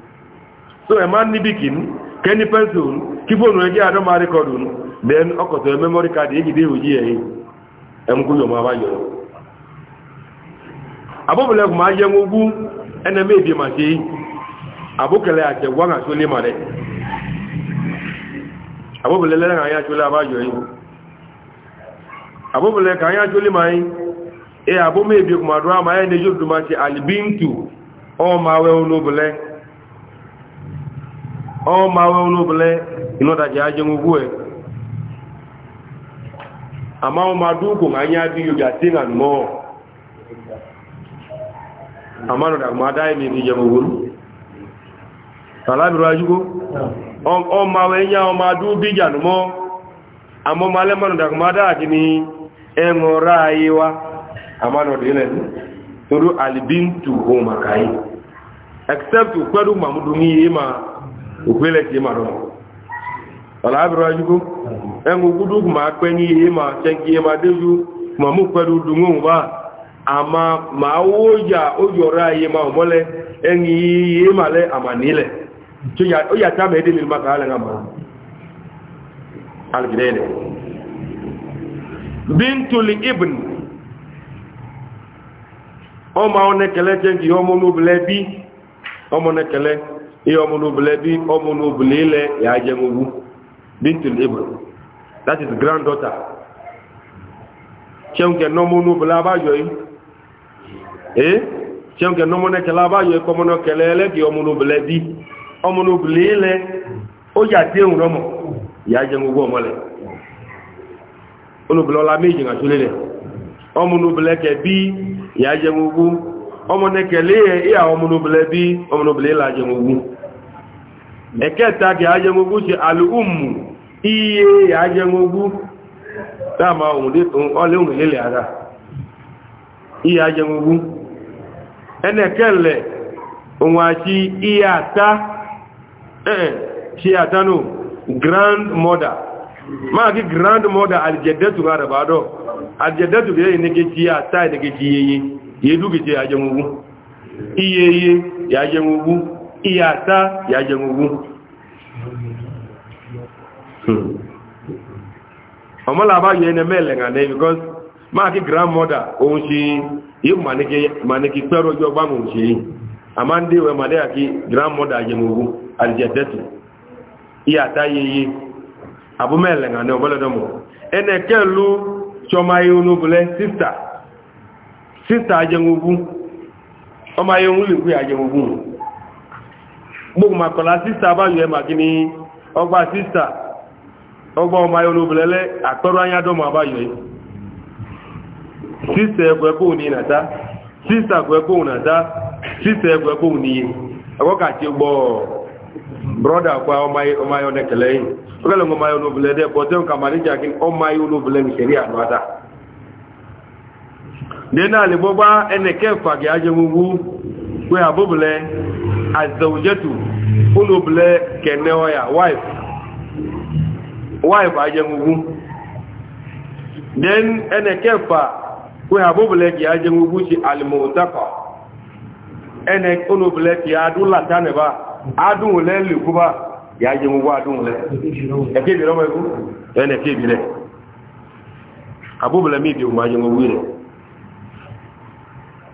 so ema nnibi kin keni pensil ki fonu eji adọ ma rekọdụ then ọkọtọ memori kaadị ejide oji ya eyi emkwụnyọ e ma abayọ abụbụla egwu ma aje nwa ugwu eneme ma se abụkele ache gwa na ma re abụbụla ka anyị ee abụmebi kuma na-eji ma ọ o ma we unu ble ino da ja jengu gue ama o ma du ko ma nya bi yo ja tinga mo ama no da ma dai mi bi jengu gu salabi raju ko o o ma we nya o ma du bi ja mo ama ma le ma no da ma da ji ni e ngora aiwa ama no de ne turu albintu huma kai except ukwadu mamudumi ma, mudumi, ma òpélẹ̀ tí ma dọ̀mọ̀ ọ̀lá àbúrò ajúgbó ẹnu gúdú ma a ní ihe ma ṣẹ́kí ihe ma déjú ma mú pẹ̀lú dùnmọ́hùn bá ma owó yà ó yọ̀rá ma ọ̀mọ́lẹ̀ ẹni ma lẹ́ àmà nílẹ̀ ma ibn ọmọ ọ̀nẹ́kẹ̀lẹ́ jẹ́ ọmọ onúbìlẹ́ bí ọmọ ọ̀nẹ́kẹ̀lẹ́ ihe ọmụnubule bi ọmụnubule ile ya je ngwu bintul that is granddaughter chenke n'ọmụnubule abajọghị ee eh? chenke n'ọmụnekele abajọghị kọmụnọ kelele ọmụnubule bi ọmụnubule ile o yà tí èhùn rọmọ̀ ìyá jẹ gbogbo ọmọnekele ìyà ọmọnubìlẹ̀ bí ọmọnubìlẹ̀ ìlà ajẹmogun ẹ̀kẹta kì ajẹmogun ṣe alùmù iye ajẹmogun dáàmà ọlẹ́hùn lélẹ̀ ara iye ajẹmogun ẹnẹ̀kẹ́lẹ̀ òun àti iye àtá ṣe àtánù grandmother máa grandmother aljẹ̀dẹ́tù rárẹ̀ bá dọ̀ ihe. yedugite ya jeng'ugwu iye iye ya jeng'ugwu iye ata ya jeng'ugwu hmm. ọmọla abáyọ ẹni mẹ́lẹ̀ngà ní because máa kí grandmother òun ṣe yi màníkì pẹ́rọ ojú ọgbà òun ṣe yìí a máa ń dé ìwẹ̀ màdé àkí grandmother ajẹmọ̀gbọ́ àdìjẹ̀tẹ̀tù iye ata iye iye àbúmẹ́lẹ̀ngà ní ọ̀bọ́lọ́dọ́mọ̀ chọma chọmayé sista. sísà ajẹmogún ọmọ ayé òun lè pé ajẹmogún gbogbo màkọ̀lá sísà báyọ̀ ẹ̀ màkí ní ọgbà sísà ọgbà ọmọ ayé olóbìnrinlẹ́ àpẹrọ anyádọ́mọ àbáyọ̀ yìí sísà ẹ̀kọ́ ẹ̀kọ́ òun ní n'ata, sista ẹ̀kọ́ ẹ̀kọ́ òun n'ata, sista ẹ̀kọ́ ẹ̀kọ́ òun dena aligbogba eneke fagi ajemugbu we abubule azawujetu ulubule kene oya wife wife ajemugbu den eneke fa abubule ki ajemugbu si alimotaka ene ulubule ki adula taneba adunle lukuba ya ajemugbu adunle ekebire mi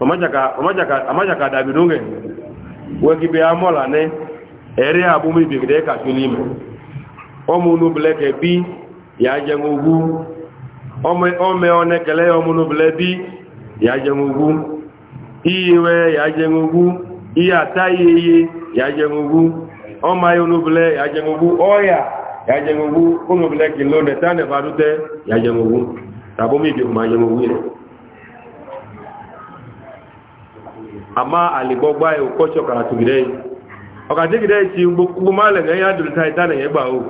amajaka dabi dunge wegi be amola ne ere abu mi bi de ka tulime omu nu bleke bi ya je ngugu ome ome one kele omu nu ble bi ya je ngugu iwe ya je ngugu iya tayeye ya je ngugu oma yo nu ble ya je ngugu oya ya je ngugu unu bleke lo ne tane badute ya je ngugu tabu mi bi ma je ngugu amma alibogba ya kwacho karatu gidai ọkàtí gidai ci gbogbo malin ya yadda ta ita nan ya gbawo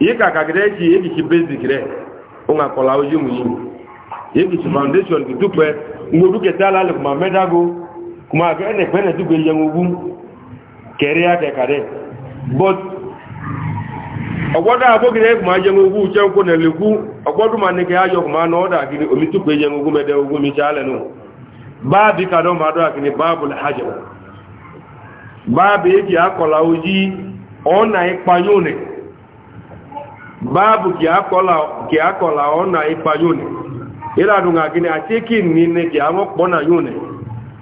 yi kaka gidai ci yake ci basic rẹ ohun akọla ojú mu yi yake ci foundation ki dúpẹ ngbo dúkẹ tí alálẹ kuma mẹdago kuma akẹ ẹnẹ pẹnẹ dúpẹ yẹn ogun kẹrẹ akẹkà rẹ but ọgbọ́dọ̀ àbókìrẹ́ kuma yẹn ogun jẹun kó nẹ̀lẹ̀kú ọgbọ́dọ̀ ma ní kẹ́ ayọ̀ kuma náà dàgírí omi dúpẹ yẹn ogun mẹ́dẹ̀ ogun mi ṣáálẹ̀ no báàbí kàdọ́ máa dọ́ àkíní báàbù hajjẹ̀ báàbí kì á kọ̀lá ojí ọ̀nà ìpanyónì báàbù kì á kọ̀lá ọ̀nà ìpanyónì ìlànà àkíní àti kí ní ní kì á mọ́ pọ́nà yónì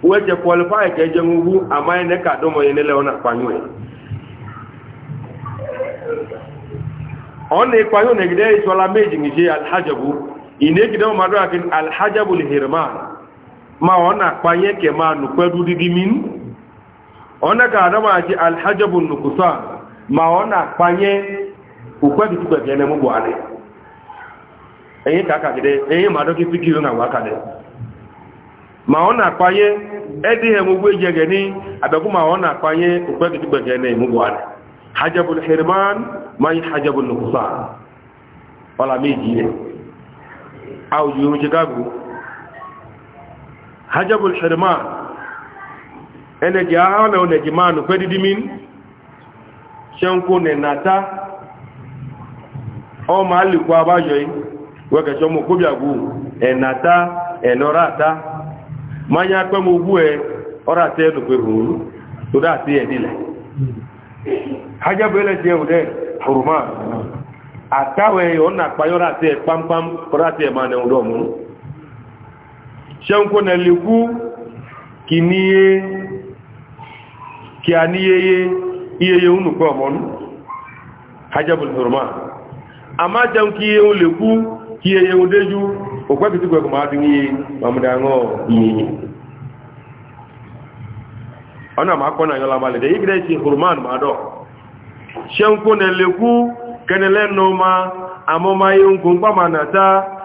wọ́n jẹ́ kọlifáì kẹjẹ mú àmá ẹni kàdọ́ mọ́ ìṣọ́lá méjì ní ṣe alhajjabu ìdí gidẹ́ máa dọ́ alhajjabu lè hìrìmáà ma ọ na-akpanye ke ma nukwedu dị min ọ ka ga adama ji alhajabu nukusa ma ọ na-akpanye ukwedu tukwe ke ne mugbo ale eyi ka aka gide eyi ma doki fikiri na ka de ma ọ na-akpanye edi he mugbo eje ge ni abeku ma ọ na-akpanye ukwedu tukwe ke ne mugbo ale hajabu alhirman ma yi hajabu nukusa wala meji ne a ojuyo mu chicago hajjabul hirman ẹnẹ̀jì ahánà ọ̀nẹ̀jì máa nù fẹ́dídí mín ṣẹ́nkú nẹ̀nàtá ọmọ alìkú abájọ́ yìí wẹ́kẹ̀ṣọ́ mú kóbíàgú ẹ̀nàtá ẹ̀nọ́ráta ma yá pẹ́ mú ogú ẹ ọ́rátẹ́ ẹ̀dùpẹ̀ rúrú tó dáàtí ẹ̀ nílẹ̀ hajjabul ẹlẹ́jì ẹ̀hùnẹ́ hirman àtàwẹ̀ ọ̀nà àpáyọ́rátẹ́ pampan ọ̀rátẹ́ na máa nẹ̀ ṣẹ́nkó na lè kú kì níye kì a níyeye iyeye unu pẹ́ ọmọlú hajjabul hurma a máa jẹun kí iye o lè kú kí iye o déjú òpẹ́ kìtí pẹ̀kù máa dín iye mamudanọ́ iyeye ọ̀nà máa kọ́ náà yọ́la máa lè dẹ̀ ìgbẹ́ ti hurman máa dọ̀ ṣẹ́nkó na lè kú kẹ́nilẹ́nu ma àmọ́ máa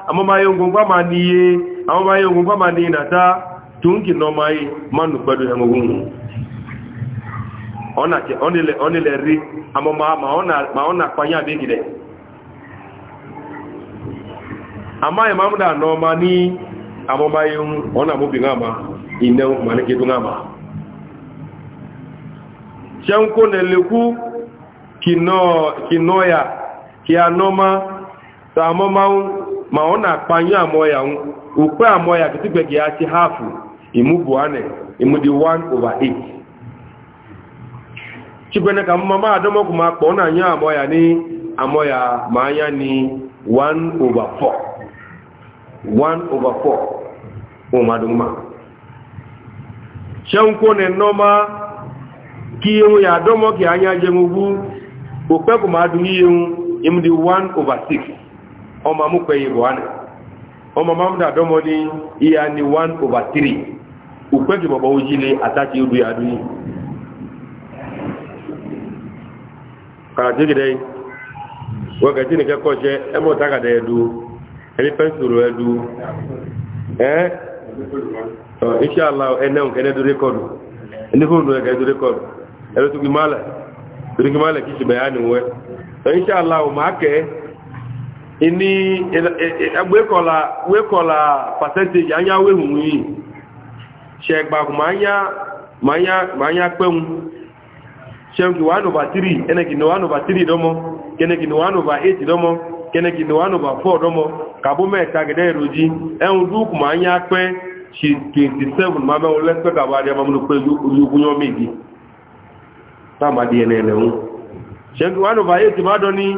amamaye ngongwa maniye amamaye ngongwa maniye nata tungi nomaye manu kwadu yangungu ona ke onile onile ri amama maona maona kwanya bigide amaye mamuda nomani amamaye ona mubingama ine manike tungama shanko neleku kino kinoya kianoma tamomau ma ọ na-akpanye amọya ukpe amọya kitigbe gị ya chi hafu imu buane 1 over 8 chikwene ka mmama adọmọkwu ma kpọọ na anya amọya ni amọya ma anya ni 1 over 4 1 over 4 ụmadụmma ṣenkwo ne nnọma ki ihun ya adọmọkwu anya jemugbu ukpe kwụ ma adụm ihe imu 1 over 6 ọmọ amúpẹ́ yìí wọ́n ọmọ mamda dọ́mọ ní ìyá ni one over three òpẹ́jù bọ̀bọ̀ ojúlé àtàkì odò yàdú ní kàràtíkìdẹ́ wọ́gẹ̀tí nìkẹ́kọ́ jẹ́ ẹgbọ́ tágàdà ẹ̀dù ẹni pẹ́sùrù ẹ̀dù ẹ́ ìṣàlá ẹnẹ́hùn kẹ́nẹ́dù rékọ́dù ẹnìkùnrin ẹ̀kẹ́dù rékọ́dù ẹ̀rọ tó kí málẹ̀ kí ṣùgbẹ̀yà nìwẹ́ ìṣàlá ò máa kẹ́ẹ́ ini egbekola e, wekola percentage anya wee yi se gba ma anya ma anya ma anya se ngi 1 over 3 ene gi 1 over 3 domo kene gi 1 over 8 domo kene gi 1 over 4 domo kabu me ta gede roji en du ma anya pe si 27 ma be ka ba ma pe yu meji ta ma di ene le un se ngi 1 over 8 ma do ni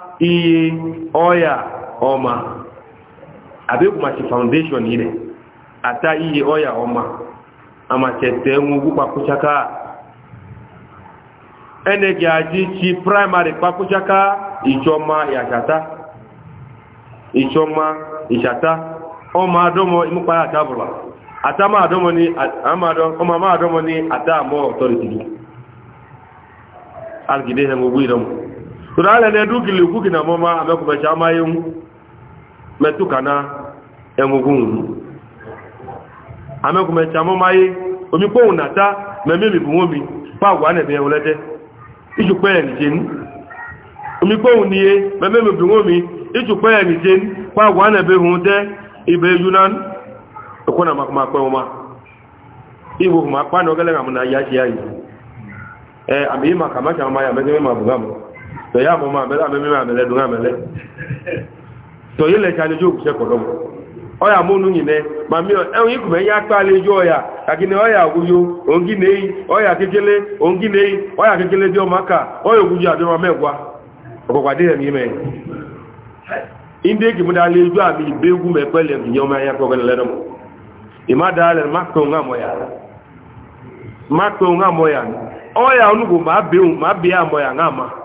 iyi ọya ọma abekumachi foundation ile ata iyi ọya ọma amachete nwugwu kpakwụchaka ene gị aji chi praịmarị kpakwụchaka ichọma yachata ichọma ichata ọma adọmọ imụkpa ya atabụla ata ma adọmọ ni ọma ma adọmọ ni ata amọ ọtọrịtị gị algide ha ngwugwu ịdọmọ tụrụ ala na edu gili ukwu gị na na enwugwu ngwu amekwubecha amụmaghị omikponwu na ta ma nwomi kpa agwa na-eme ewulete ijukpe ya n'iche omikponwu na ihe ma emebi bụ nwomi ijukpe ya n'iche kpa agwa na-ebe hụte ibe eju na ekwe na igbo ma na ogele m na ya ya yi ee ama ihe maka ya ma bụga tọ̀yí àmọ́ máa mẹ́lẹ́ àmẹ́mẹ́ àmẹ́lẹ́ dùn àmẹ́lẹ́ tọ̀yí lẹ́ka lójú òkúṣẹ́ kọ̀dọ̀mù ọ̀yà múnú yìnbẹ́ màmí ẹ̀hún ikùn ka pa lójú ọ̀yà kàkínní ọ̀yà ògúyó òǹgí nẹ́yìn ọ̀yà kékeré ya nẹ́yìn ya kékeré bí ọmọ aka ọ̀yà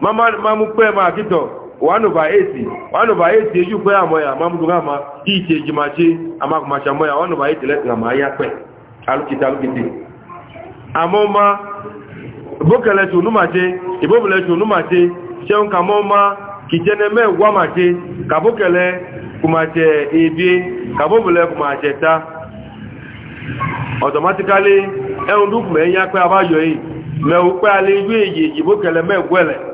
mamu kpe ma akitɔ wanu ba esi wanu ba esi eju kpe amọ ya mamu duga ma iitse dzimatse amakumasi amɔ ya wanu ba esi lɛ tigama aya kpɛ alukita alukite amɔ ma bokele tso numatse ibobele tso numatse tsɛn kamɔ ma kitsɛnɛ mɛ ka kabokele kumatsɛ ebie kabobele kumatsɛ ta automatically ɛnu e dukume ya kpɛ aba yɔ yi mɛ wò kpɛ ale ju eyi ibokele mɛ wɛlɛ.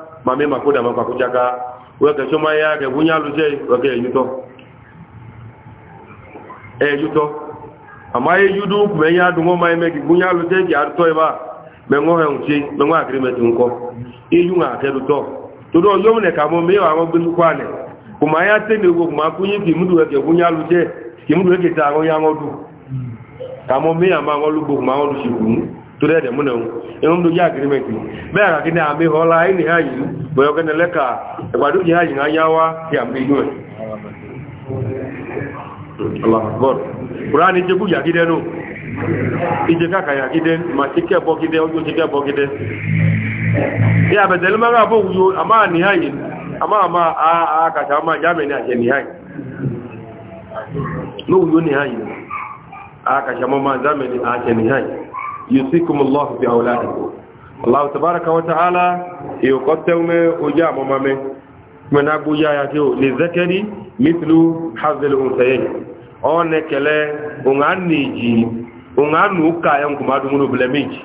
mami makoda mapakuchaka weke choma yake bunyaluze weke yuto e yuto ama ye yudu kumenya dungo mai meki bunyaluze ki aruto eba mengo he unchi mengo agreement unko iyunga e, keruto todo yomne kamo meyo amo bisu kwane kuma ya tene wo kuma kunyi ki mudu weke bunyaluze ki mudu weke ta ngo yango du kamo meyo ama ngo lugo kuma ngo lushikunu torí ẹ̀dẹ̀ múnà ohun ẹ̀hún ló jẹ́ agreement bẹ́ẹ̀ àkàkí ní àmì ọlá ẹni ààyè bọ̀yọ̀ kẹ́ni lẹ́ka ìpàdé òjì ààyè ayá wá kí àmì inú ẹ̀ alàgbọ́n kùránì jẹ́ kújà kídẹ́ nù ìjẹ́ kákàyà kídẹ́ mà ti kẹ́bọ́ kídẹ́ ojú ti kẹ́bọ́ kídẹ́ ní àbẹ̀tẹ̀lẹ́ máa rà fún òwúyo àmà níhàyè àmà àmà àkàtà àmà jámẹ̀ni àjẹ́ níhàyè lówúyo níhàyè àkàtà àmà jámẹ̀ni àjẹ́ níhàyè yusikum allah fi auladikum allah tabaraka wa ta'ala yuqaddama ujama mame mena buya ya jo li zakari mithlu hazil unsayin one kele unganiji unganu ka en kuma dungunu blemiji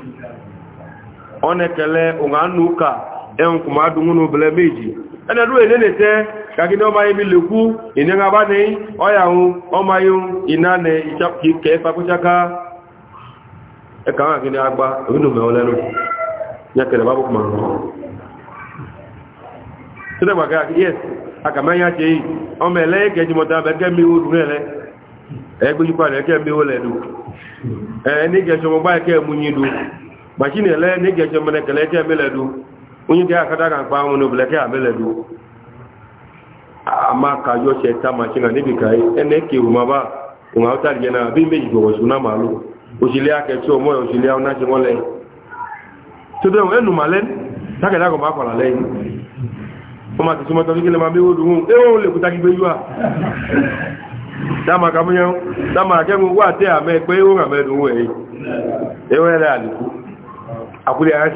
one kele unganu ka en na dungunu blemiji ana duwe ne ne te kagide ọmọ ayé mi ẹka àwọn àgbẹ̀ni ní akẹ̀lẹ̀ bá bọ́kùnmọ̀ lẹ́nu ẹ̀ẹ́nìgẹ̀ṣọmọgbá ẹ̀kẹ́ mú yín dùn màṣínì ẹ̀lẹ́ onye ga akada ka mkpa anwụ a ka abeledu ama ka yo cheta ma chi na nebi ka ene ke huma ba nga uta na bi meji go na malu òṣèlé akẹ̀tí ọmọ ẹ̀ òṣèlé àwọn náà ṣe wọ́n lẹ́yìn tó dẹ̀wọ̀n ẹnu màlẹ́ dákẹ̀dákọ̀ bá kọ̀lá lẹ́yìn wọ́n máa ti súnmọ́ tọ́jú kílẹ̀ máa bí wọ́n dùn ẹ̀wọ̀n lè kúta gbígbé yúà dáàmà kàmúyàn dáàmà akẹ́gun wà tẹ́ àmẹ́ pé ẹ̀wọ̀n àmẹ́ dùn ẹ̀ ẹ̀wọ̀n ẹ̀rẹ́ àlùkù àkúrẹ́ ara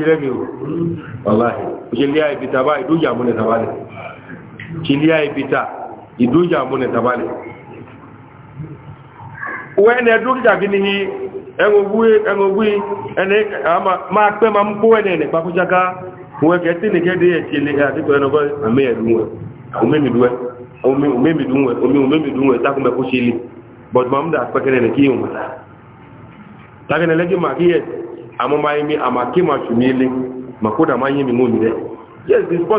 ti ẹgbogbo ma pẹ́ ma ń kó ẹ̀nẹ̀ ẹ̀nẹ̀ pàkújáká wọ́n kẹ́ tí ní kẹ́dẹ̀ ẹ̀kẹ́lẹ̀ àtìkọ̀ ẹnọgọ́ àmẹ́ẹ̀dúnwẹ̀ omímìdúnwẹ̀ tákùnmẹ́kú ṣe lè but ma ń dà pẹ́kẹ́nẹ̀ ma kí ma yí mi àmà ma ma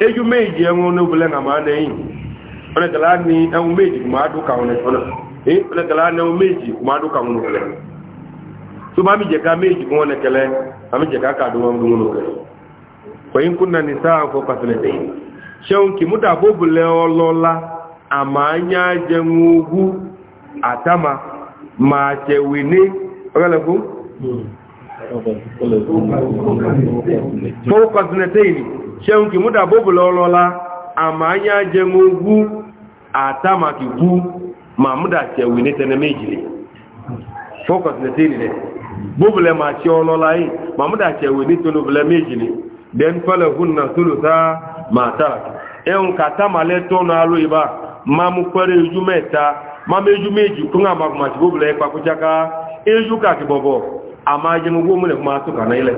eju meji enwe onye obele na ma na-eyi onye gala ni enwe meji ma adụ ka onye e, gala enwe ma adụ ka nwere obele so ma mi ka meji ko ne ma mi je ka ka do nwere ndu no kele nisaa ko ka amanya je ngugu atama ma je fọwọ́kọ̀sìnẹ̀tẹ́yìn ṣẹun kì múdà bóbù lọ́lọ́lá àmà ányá jẹun ogú àtàmàkì kú ma múdà tẹ̀wì ní tẹ́nẹ méjìlẹ̀ fọwọ́kọ̀sìnẹ̀tẹ́yìn rẹ̀ bóbù lẹ́ ma ṣe ọlọ́lá yìí ma múdà tẹ̀wì ní tẹ́nẹ méjìlẹ̀ dẹ́n fẹ́lẹ̀ hún na tólùtá ma ma amma jin go mu ne kuma suka na ile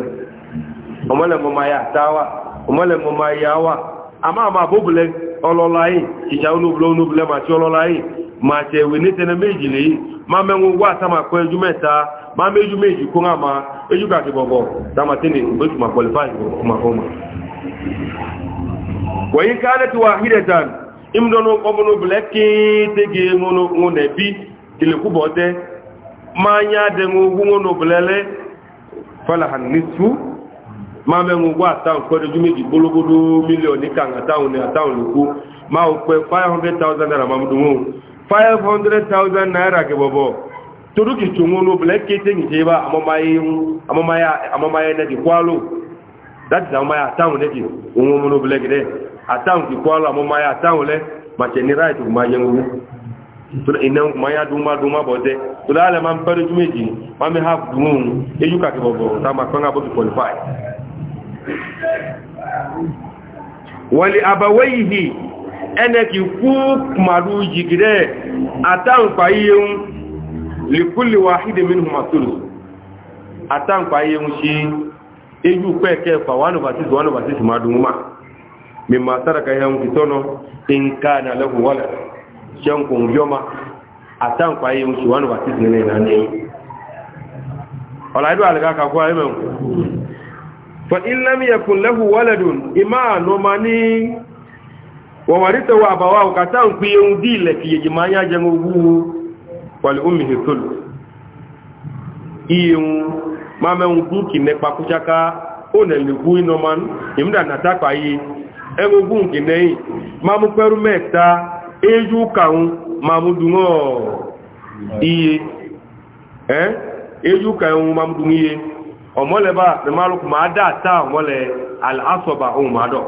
amma le mo ma ya tawa amma le mo ma ya wa amma ma bobule ololai ti ja unu blo unu bule ma ti ololai ma te we ni tene meji le ma me ngo wa ta ma ko eju ma meju meji ko nga ma eju ka ti bobo ta ma tini o ti ma qualify ko ma ko ma wa in kanat wahidatan imdono ko mo no bleki tege ngono ngone bi kile kubote ma nya de ngugu ngono blele fala han nisfu ma me ngugu ata ko de jumi di bologodo million ni kanga ata un ata un ku ma o pe 500000 naira ma mu dumu 500000 naira ke bobo toru ki tungono blele ke te ni ba amama yi amama ya amama ya ne di kwalo that is amama ya ata un ne di ngono blele ke de ata un ki kwalo amama ya ata un le ma che ni right ma yengu ina maya duma duma bote tulala man pare jumeji mame ha gumun ejuka ke bobo ta ma kanga bodu qualify wali abawaihi ene ki ku maru jigire atan payeyun li kulli wahid minhum athulu atan payeyun shi eju peke fa wanu batisi wanu batisi maduma mimma taraka yawm kitono in kana lahu walad shankun yoma a tan kwaye musu wani wasu su ne na ne ọlaidu alga ka kwa imen fa in lam yakun lahu waladun ima no mani wa warita wa abawa ka tan le fi yi ma ya wal iyun ma ngu ki ne pa kuchaka o ne le imda na ta ki ne ma mu eju kanwu mamudungo iye eh eju kanwu mamudungo iye omole ba me maluku ma da ta omole al asaba o ma do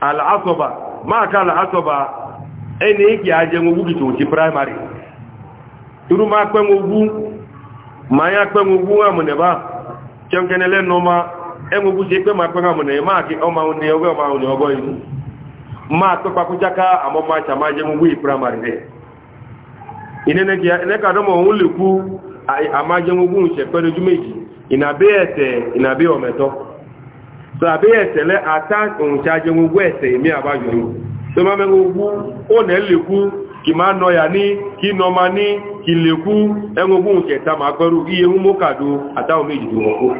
al asaba ma ka al asaba eni ki aje ti primary turu ma pe ngo ma ya pe ngo bu amune ba chenkenele no ma engo bu ma pe ngo ma ki o ma ogo ma ogo yi ma to pakuchaka amo ma chama je mu wi primary de inene ki ene ka do mo un le ku ama je mu gun se pe doju meji ina be ese ina be o meto so abe ese le ata un cha je mu ese mi abajo ni so ma me gugu o ne le ku ki ma no ya ni ki no ma ni ki le ku engugun se ta ma gboru iye mu mo ata o meji do mo ko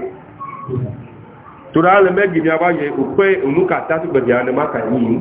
tura le megi ni abajo o pe unu ta tu gbe ya ne ma ka yi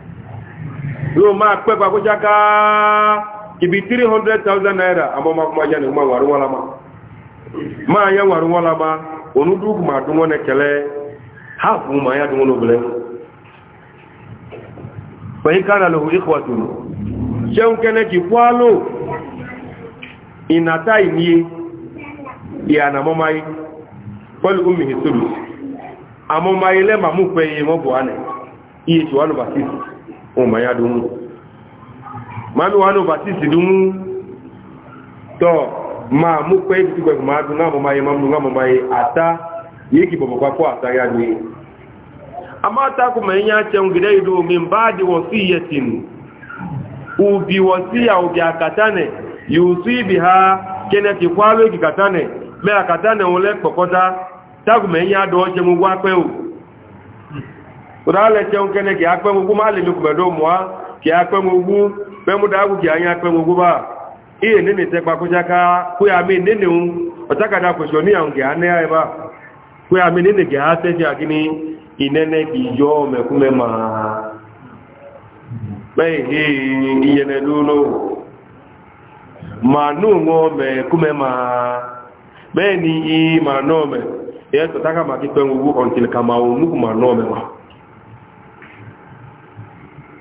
yóò máa pẹ́ pàkójá ká ibi 300,000 naira àmọ́ máa ma jẹ́ nìkan ma wọ́n lámá máa yẹ wàrú wọ́n ma ònú dúkù máa dún wọ́n kẹlẹ́ háàfù máa yá dún wọ́n lóbìnrin pẹ̀yí kára lòhù ìkọ̀tù kẹ́lẹ́ ti ìnàtà ìníye ìyànàmọ́máyé ohun maya dumu mami wa no batisi dumu to ma mu pe ti ko ma du na mo maye ma mu na mo maye ata yiki bobo kwa kwa ata ya ni amma ta ku mai nya ce ngida ido min badi wasiyatin ubi wasiya ubi akatane yusi biha kene ti kwawe ki katane me akatane ole kokota ta ku mai nya do je mu wa pe o tọ́dá lẹ́tẹ̀ ń kẹ́nẹ́ kìí apẹ́mogún máa lè lókùnbẹ̀ tó mọ́ kìí apẹ́mogún pẹ́múdágún kìí ayé apẹ́mogún bá iye nínú tẹ́pa kújáká kúyàmí nínú ọ̀tákàdá kòṣọ́ ní àwọn kìí anẹ́ àìbá kúyàmí nínú kìí asẹ́sẹ́ àkíní ìnẹ́nẹ́ kìí yọ mẹ́kúnmẹ́ máa bẹ́ẹ̀ ni ìyẹnẹ́ dúró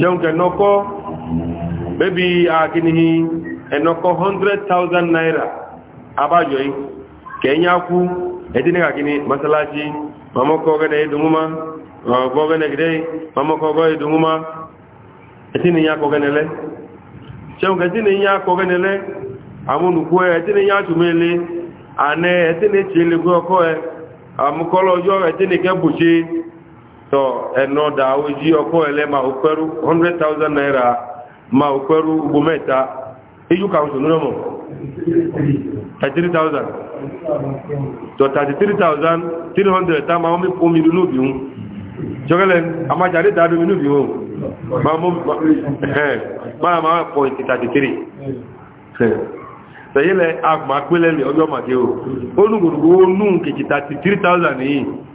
ṣeun kẹnọkọ́ bẹ́bí akínihì 100,000 naira abájọ́ yìí kẹ́yìn akú ẹ̀dínní kakíní masalasi mamọ́kọ́ gẹ́dẹ̀ ìdùnmúmá ọ̀bọ́ gẹ́dẹ̀ gẹ́dẹ̀ mamọ́kọ́ gọ́ ìdùnmúmá ẹ̀tínì yá kọ́ gẹ́nẹ̀lẹ́ ṣeun ọjọ́ bùṣe so eno da oji oko ele ma okweru 100,000 naira ma okweru ugbo meta iju ka nso nuna mo 33,000 to 33,300 ta ma omi omi nubi hun jogele amajari da domi nubi hun ma mo eh, ma ma point 33 eh. ma sẹ̀yílẹ̀ agbàgbélẹ̀ ọjọ́ màdé o ó nùgbòrògbò ó nù kìkìtà 33,000 yìí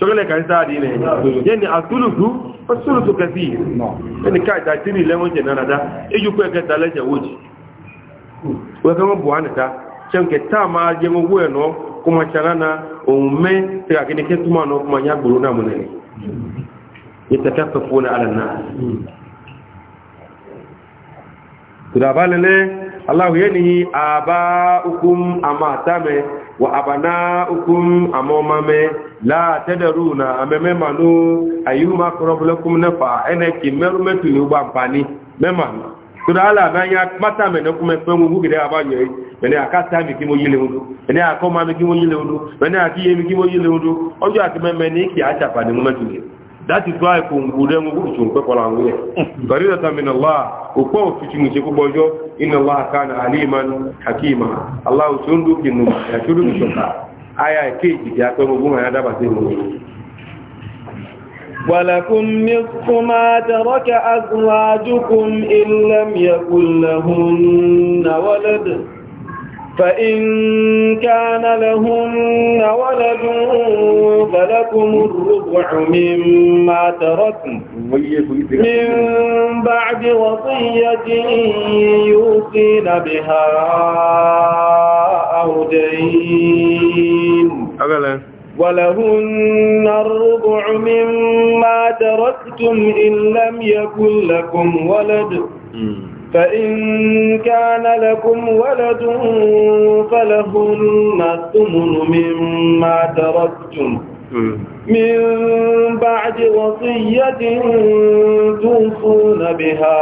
sọ́gẹ́lẹ̀ kàí sáàdì ilẹ̀ yẹ́ ni àtúlùkú ọ̀túlùkú kẹfì ẹni káàkiri tírì lẹ́wọ́n jẹ̀ náà dá ejúkú ẹgẹta lẹ́jẹ̀ wójì wẹ́kẹ́ wọ́n bùhá nìta ṣẹ́nkẹ̀ táà máa jẹ owó ẹ̀nà na ma Ya ohun mẹ́ tẹ́kàkínekẹ́ túnmọ̀ náà kó wa abana ukun amomame la tadaruna ameme manu ayuma qrablakum nafa ene ki merumetu ni ugba mpani mema to da ala na ya mata me ne kuma pe mu gide abaye ene akata mi ki mo yile wudu ene akoma mi ki mo yile wudu ene akiye mi ki mo yile wudu ojo ati meme ni ki acha pa ni mo metu ni dati tó àìkò ngúrẹ́ ngúrùsùn pẹ́kọ̀lá ngúrẹ́ farida ta min allah òpó òfin ṣe kó bọ́jọ́ iná allah kana aliman hakima allah tó ń dókè nù àṣírí ìṣọ̀ka aya kéèjì ما ترك أزواجكم إن لم يكن لهن فإن كان لهن ولد فلكم الربع مما تركن من بعد وصية يوصين بها أو دين ولهن الربع مما تركتم إن لم يكن لكم ولد فإن كان لكم ولد فلهن الثمن مما تركتم من بعد وصية توصون بها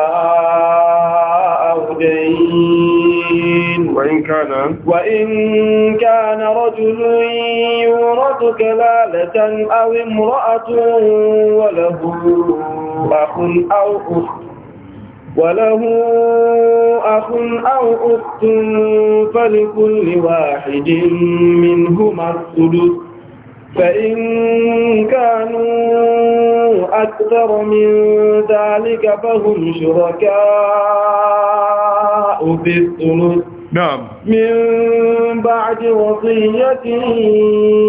أودين وإن كان وإن كان رجل يورث كلالة أو امرأة وله أخ أو أخت وله أخ أو أخت فلكل واحد منهما السدس فإن كانوا أكثر من ذلك فهم شركاء في الثلث نعم من بعد وصية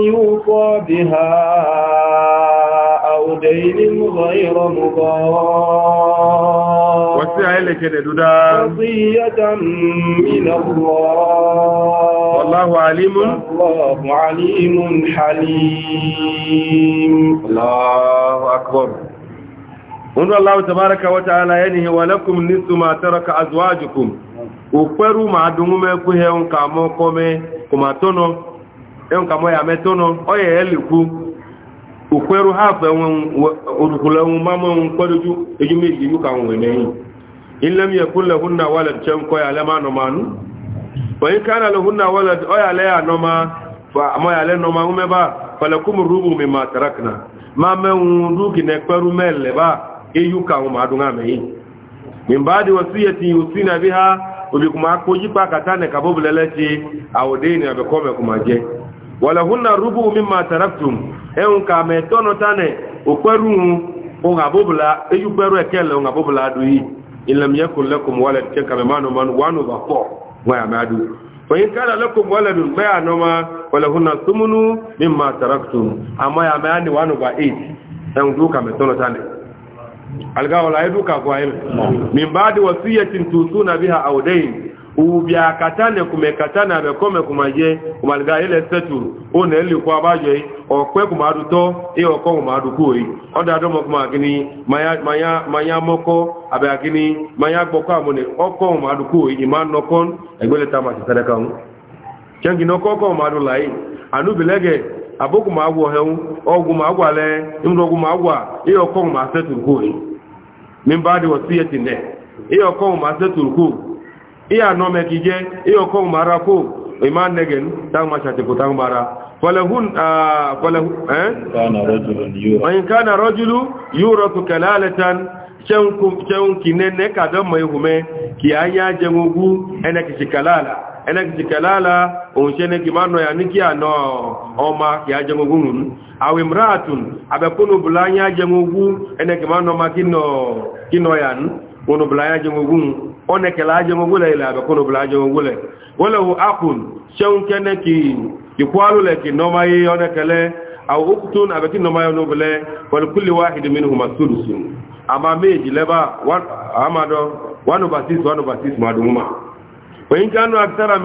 يوصى بها أو دين غير مضار wasiya a leke da duda wasiyatan min Allah wallahu alimun wallahu a halim Allahu akbar Undu Allah tabaraka wa ta'ala wọn in lam yakun lahunna walad chan ko ya lama no manu wa in kana lahunna walad o ya la no ma fa ma ya le no ma ume ba falakum rubu mimma tarakna ma me undu kine peru mele ba eyu ka o ma dunga me yi min badi wasiyati yusina biha ubikuma koji pa katane kabobu lelechi awodeni abekome kumaje wala hunna rubu mimma taraktum eun ka me tono tane okweru un ngabobula eyu peru ekele ngabobula aduyi ilam yakun lakum walad ke kama manu man wanu ba ko waya madu fa in kana lakum waladun baya noma wala hunna sumunu mimma taraktum amma ya mani wanu ba eight. dan duka me tono tane alga wala duka ko ayi min ba'di wasiyatin tusuna biha aw dayn ubia katane kumekatana amekome kumaje kumaliga ile seturu ona ile kwa baje okwe kumaduto iyo ko kumadukui oda domo kumakini maya maya maya moko abakini maya gboko amune oko kumadukui iman nokon tama sadaka un kengi anu bilege ogu kumaseturu kumaseturu iya nome kije iyo ko mara ko iman negen tan ma shate ko tan mara falahun ah, falahu eh kana rajulun yura in kana rajulu yuratu kalalatan chenku chenki nene kada mai hume ki aya jengugu ene ki kalala ene ki kalala on chene ki mano ya niki ano oma ki aje ngugu awe mratun abekunu bulanya jengugu ene ki mano makino kinoyan kono bulanya jengugu oneke la ajo ngule ila be kono bla ajo ngule wala hu aqun shawun keneki ikwalu leki noma yi oneke le aw uktun abaki noma yo nobele wal kulli wahid minhum as-sudus ama meji leba wan amado wanu basis wanu basis madumuma wa in kanu akthara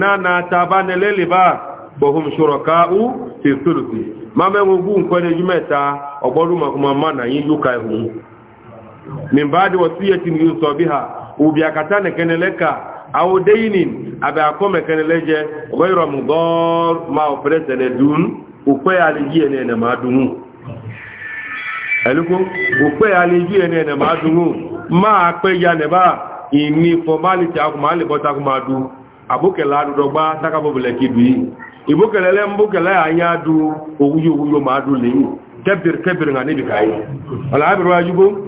nana tabane lele bohum shuraka'u fi thuluthi mame ngugu nkwane jumeta ogbolu makuma mana min baadi wasiyatin yuso biha ubiakatane keneleka au deinin abe akome keneleje ghayra mudar ma ofrese ne dun ukwe alijie ne ne madumu eluko ukwe alijie ne ne madumu ma akpe ya neba, ba ini formality akuma madu, abuke kuma du abukela adudogba takabobule kibi ibukelele mbukele anya du owuyo owuyo ma du kebir kebir nga nibi kayi ala abiru ajubo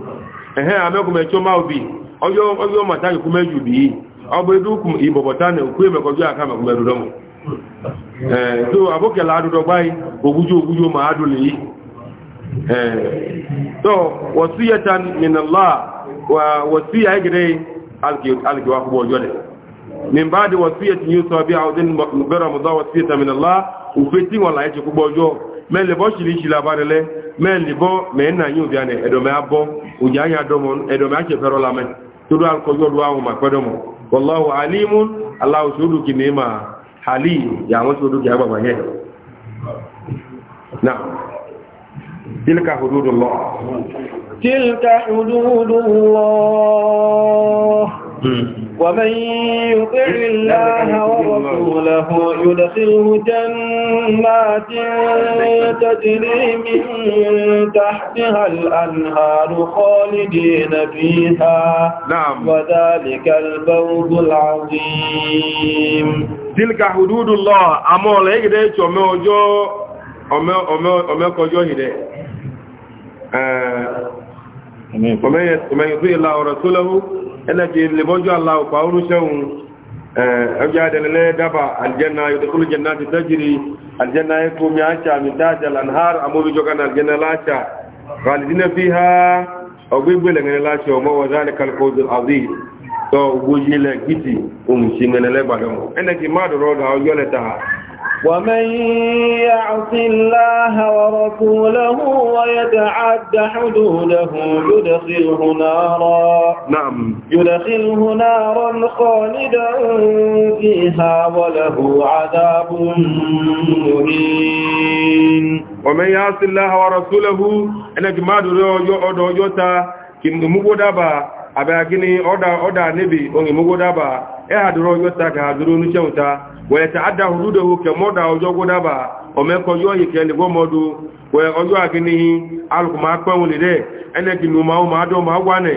ẹ̀hẹ́ amẹ́kùnmẹ́tsọ́ máa bì ọjọ́ màtá ìkúmẹ́jù bì í ọgbẹ́ dúkùn ìbọ̀bọ̀tá ní òkú ìmẹ́kọjọ́ àkàmẹ́kùnmẹ́dù dọ́mù ẹ̀ tó àbókẹ̀lá adúdọgbá yìí ogújú ogújú máa dùn lè yìí tó wọ̀síyẹta nìnàlá wọ̀síyà ẹgẹ̀rẹ́ alìkìwà fún ọjọ́ rẹ̀ min bá di wọ̀síyẹta yóò sọ bí àwọn ọdún mẹ́lẹ̀ bọ ṣìlì ṣìlì abárẹlẹ́ mẹ́lẹ̀ bọ́ mẹ́ẹ̀nà ụbịa na anẹ̀ ẹ̀dọ̀mẹ́ ụdị òjì ayé àdọ́mọ́ ẹ̀dọ̀mẹ́ àṣẹfẹ́rọ́ lamẹ́ torí alkọjọ́ ọdún àwọn màpẹ́dọ̀mọ́ wọ́láwọ̀ alimun aláwọ̀ sódù ma hali ya sódù kì tilka تلك حدود الله ومن يطع الله ورسوله يدخله جنات تجري من تحتها الأنهار خالدين فيها نعم وذلك الفوز العظيم تلك حدود الله أمو لك ديت أمو جو أمو أمو أمو كجو هدي ومن يطيع الله ورسوله انا في اللي بوجه الله فاول شون اجاد لنا دبا الجنه يدخل جنات تجري الجنه يكون يعشى من تحت الانهار امو بجوكان الجنه لاشا خالدين فيها او بيقول لك لاشا وما وذلك الفوز العظيم تو وجه لك جيتي ومشي من لبا انا كي ما درو دا يولتا ومن يعص الله ورسوله ويتعد حدوده يدخله نارا نعم يدخله نارا خالدا فيها وله عذاب مهين ومن يعص الله ورسوله انا جماد يودو يوتا كم مغودابا abagini oda oda nebi ongi mugodaba e haduro yota ka haduro nuchauta wẹ̀yẹ̀tàádà hùdúdòwò kẹmọ́dà ọjọ́ gódábà ọmẹ́kọjọ́ ìkẹlẹ̀gọ́mọdó wẹ̀ ọjọ́ àkíníhìn alùkùnmá pẹ́wọ̀n lè rẹ̀ ẹnẹ́kìnnù máa dọ́ máa wánẹ̀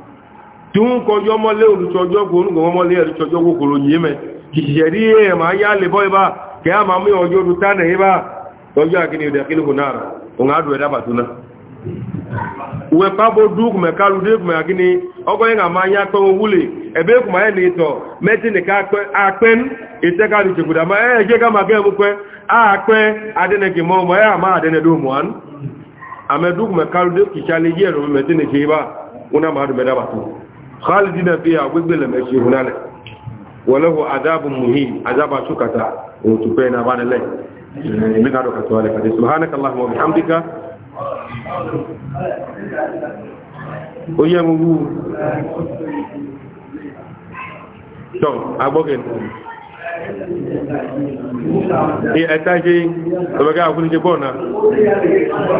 tun kọjọ mọ́lé olùsọjọ́ gbónúgbọ̀n mọ́lé ẹ̀rùsọjọ́ gbókòrò yìí mẹ́ kìsìṣẹ́ rí ẹ̀ ma yá lè bọ́ ibá kẹ́ a ma mú ọjọ́ orú ibá tọjọ́ àkíní ìdẹ̀kílùkù náà òun ẹ̀dá bàtúná uwe pabo duk me kalu duk me akini ama ya pe wule ebe kuma e ni ite ma ka ma ke mu a pe adene ma khalidina fiha gbegbele mẹsì ìhùnalẹ̀ wọlọ́wọ́ adáàbù muhim adáàbà ṣúkàtà òtùpẹ́ na bá nílẹ̀ ìmìnàdọ̀ kàtọ̀ alẹ́ kàtẹ̀ subhanaka allahumma bihamdika oyé mú wú tọ́ agbọ́gẹ̀ e eh, ẹta ṣe tọ̀bẹ̀kẹ́ àkúnṣe bọ́ náà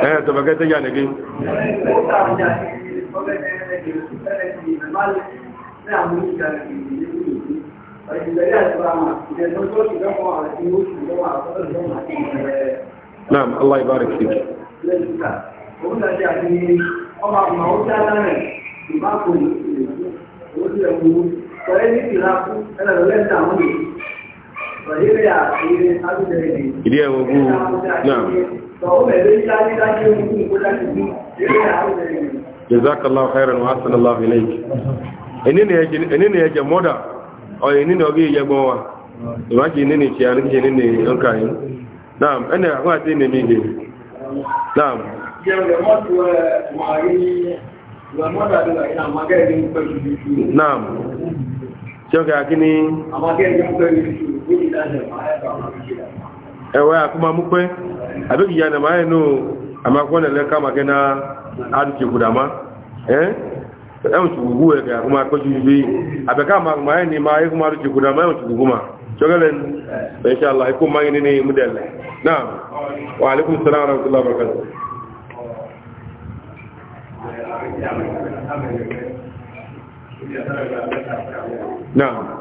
ẹ̀ tọ̀bẹ̀kẹ́ tẹ́jà nìgbé Naam, Allah ibarik fik. Òun náà ṣe àfihàn ọmọ àmà ó dá lárẹ̀ ìbá kò ní ìrìnàjò. Ó sì ẹ̀kú, sọ ẹ́ ní ìlàkú, ẹ̀rọ lẹ́ta àwọn èèyàn. ìdí ẹ̀wọ̀n gúú náà jazakallahu khairan wa asanallahu ilayk ẹni ni ẹjẹ mọ́dà ọ̀yẹ̀ nínú ọgbẹ́ ìyẹgbọ́n wa ìwájì nínú ìṣẹ́ àríkẹ́ nínú ọkà yìí náà ẹni àwọn àti ìnìmí ìdè náà náà ṣe ọkà kí ni ẹwẹ́ akúmọ̀ mú pé àbíkìyà nà máa ẹnu àmàkọ́ nẹ̀lẹ́ kámàkẹ́ náà adùkì ma ẹ̀hùn ṣùgbùgbù ẹ̀kẹ́ àkúmọ̀ akọ́jú bí àbẹ̀ká àmàkùmọ̀ ẹni máa ẹkùmọ̀ adùkì ma ẹ̀hùn ṣùgbùgbù mà ṣọ́gẹ́lẹ̀ ẹ̀ṣàlá ikú máa ní ní múdẹ̀lẹ̀ náà wà alẹ́kùn wa àwọn ọ̀rọ̀ ọ̀rọ̀ Now.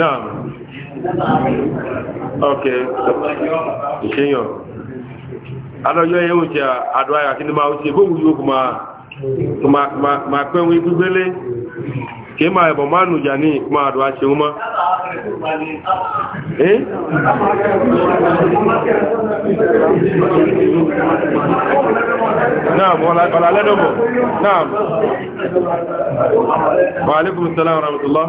Naam. Okay. Kinyo. Ado yo ye uche adwa ya kini ma uche bo kuma kuma ma kwenwe bibele ke ma yabo ma nuja ni ma adwa ce uma eh na'am wala wala ledobo na'am wa alaikum assalam wa rahmatullah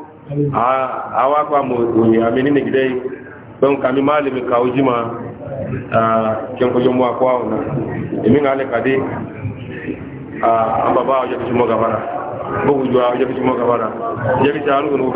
awa kwa mwenye amini ni gidei don kami malimi ka ujima kyan kujo mu akwa ona imi ngale kadi ambaba oje kishimo gabara bugu jwa oje kishimo gabara je bi taru